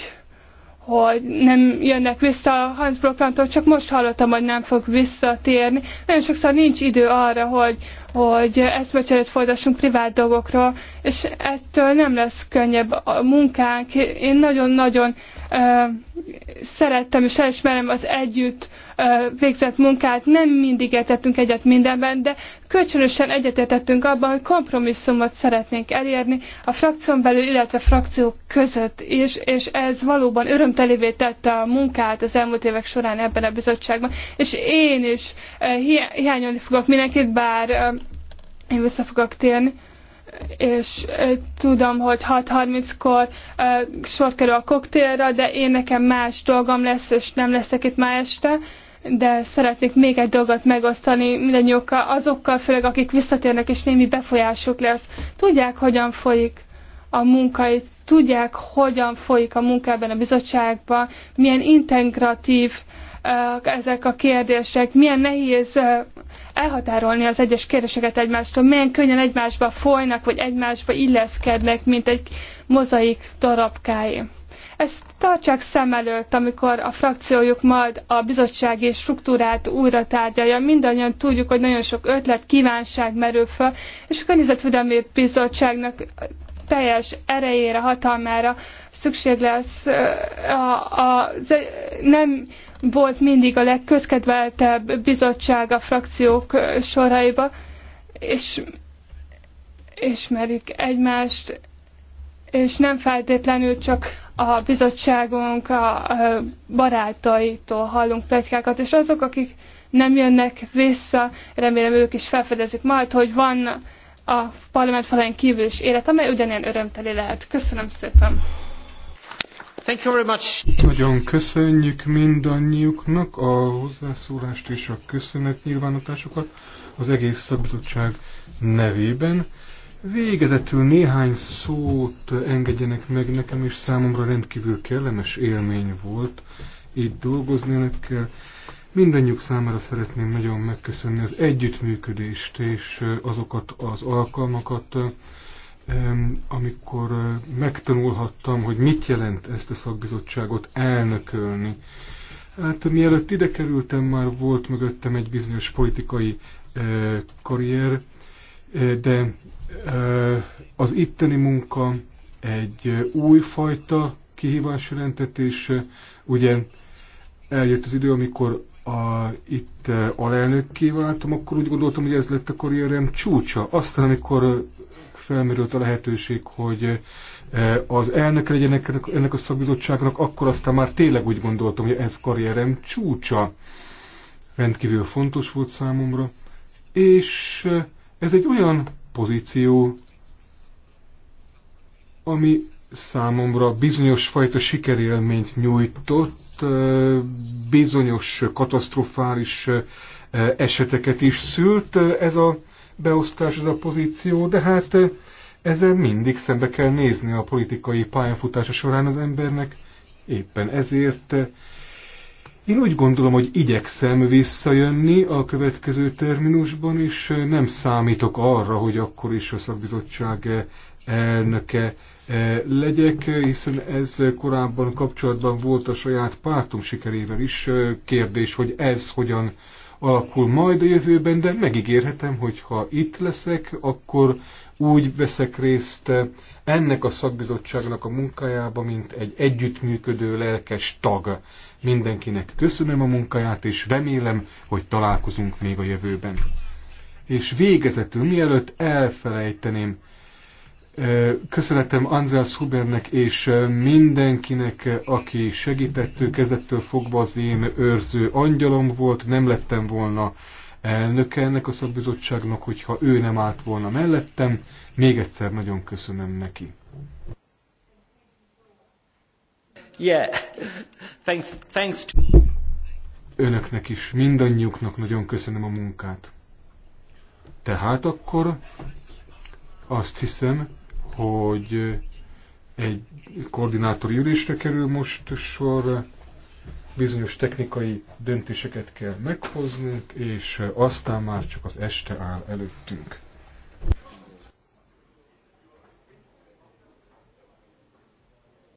hogy nem jönnek vissza a Hans Brocklantól, csak most hallottam, hogy nem fog visszatérni. Nagyon sokszor nincs idő arra, hogy, hogy ezt becserét folytassunk privát dolgokra és ettől nem lesz könnyebb a munkánk. Én nagyon-nagyon uh, szerettem és elismerem az együtt uh, végzett munkát. Nem mindig értettünk egyet mindenben, de kölcsönösen egyetértettünk abban, hogy kompromisszumot szeretnénk elérni a frakción belül, illetve frakciók között is, és ez valóban örömtelévé tette a munkát az elmúlt évek során ebben a bizottságban. És én is hiányolni fogok mindenkit, bár én vissza fogok térni, és tudom, hogy 6.30-kor sor kerül a koktélra, de én nekem más dolgom lesz, és nem leszek itt ma este, de szeretnék még egy dolgot megosztani mindannyiukkal, azokkal főleg, akik visszatérnek, és némi befolyásuk lesz. Tudják, hogyan folyik a munkai, tudják, hogyan folyik a munkában a bizottságban, milyen integratív ezek a kérdések, milyen nehéz elhatárolni az egyes kérdéseket egymástól, milyen könnyen egymásba folynak, vagy egymásba illeszkednek, mint egy mozaik darabkái. Ezt tartsák szem előtt, amikor a frakciójuk majd a bizottsági struktúrát újra tárgyalja. Mindannyian tudjuk, hogy nagyon sok ötlet, kívánság merül fel, és a Környezetvédelmi Bizottságnak teljes erejére, hatalmára szükség lesz a, a, a nem volt mindig a legközkedveltebb bizottság a frakciók soraiba, és ismerik egymást, és nem feltétlenül csak a bizottságunk a barátaitól hallunk pletykákat, és azok, akik nem jönnek vissza, remélem ők is felfedezik majd, hogy van a parlament falain kívül is élet, amely ugyanilyen örömteli lehet. Köszönöm szépen! Thank you very much. Nagyon köszönjük mindannyiuknak a hozzászólást és a köszönet nyilvánításokat az egész szabadság nevében. Végezetül néhány szót engedjenek meg nekem, és számomra rendkívül kellemes élmény volt itt dolgozni önökkel. Mindannyiuk számára szeretném nagyon megköszönni az együttműködést és azokat az alkalmakat, amikor megtanulhattam, hogy mit jelent ezt a szakbizottságot elnökölni. Hát mielőtt ide kerültem, már volt mögöttem egy bizonyos politikai karrier, de az itteni munka egy újfajta kihívás jelentett, és ugye eljött az idő, amikor a, itt alelnök kiváltam, akkor úgy gondoltam, hogy ez lett a karrierem csúcsa. Aztán, amikor felmerült a lehetőség, hogy eh, az elnök legyen ennek a szakbizottságnak, akkor aztán már tényleg úgy gondoltam, hogy ez karrierem csúcsa. Rendkívül fontos volt számomra. És eh, ez egy olyan pozíció, ami számomra bizonyos fajta sikerélményt nyújtott, eh, bizonyos katasztrofális eseteket is szült. Ez a beosztás ez a pozíció, de hát eh, ezzel mindig szembe kell nézni a politikai pályafutása során az embernek. Éppen ezért eh, én úgy gondolom, hogy igyekszem visszajönni a következő terminusban, és eh, nem számítok arra, hogy akkor is a szakbizottság elnöke legyek, hiszen ez korábban kapcsolatban volt a saját pártom sikerével is. Kérdés, hogy ez hogyan alakul majd a jövőben, de megígérhetem, hogy ha itt leszek, akkor úgy veszek részt ennek a szakbizottságnak a munkájába, mint egy együttműködő lelkes tag. Mindenkinek köszönöm a munkáját, és remélem, hogy találkozunk még a jövőben. És végezetül, mielőtt elfelejteném, Köszönetem András Hubernek és mindenkinek, aki segített, kezdettől fogva az én őrző angyalom volt, nem lettem volna elnöke ennek a szakbizottságnak, hogyha ő nem állt volna mellettem. Még egyszer nagyon köszönöm neki. Yeah. Thanks, thanks to... Önöknek is, mindannyiuknak nagyon köszönöm a munkát. Tehát akkor azt hiszem, hogy egy koordinátori ülésre kerül most sor, bizonyos technikai döntéseket kell meghoznunk, és aztán már csak az este áll előttünk.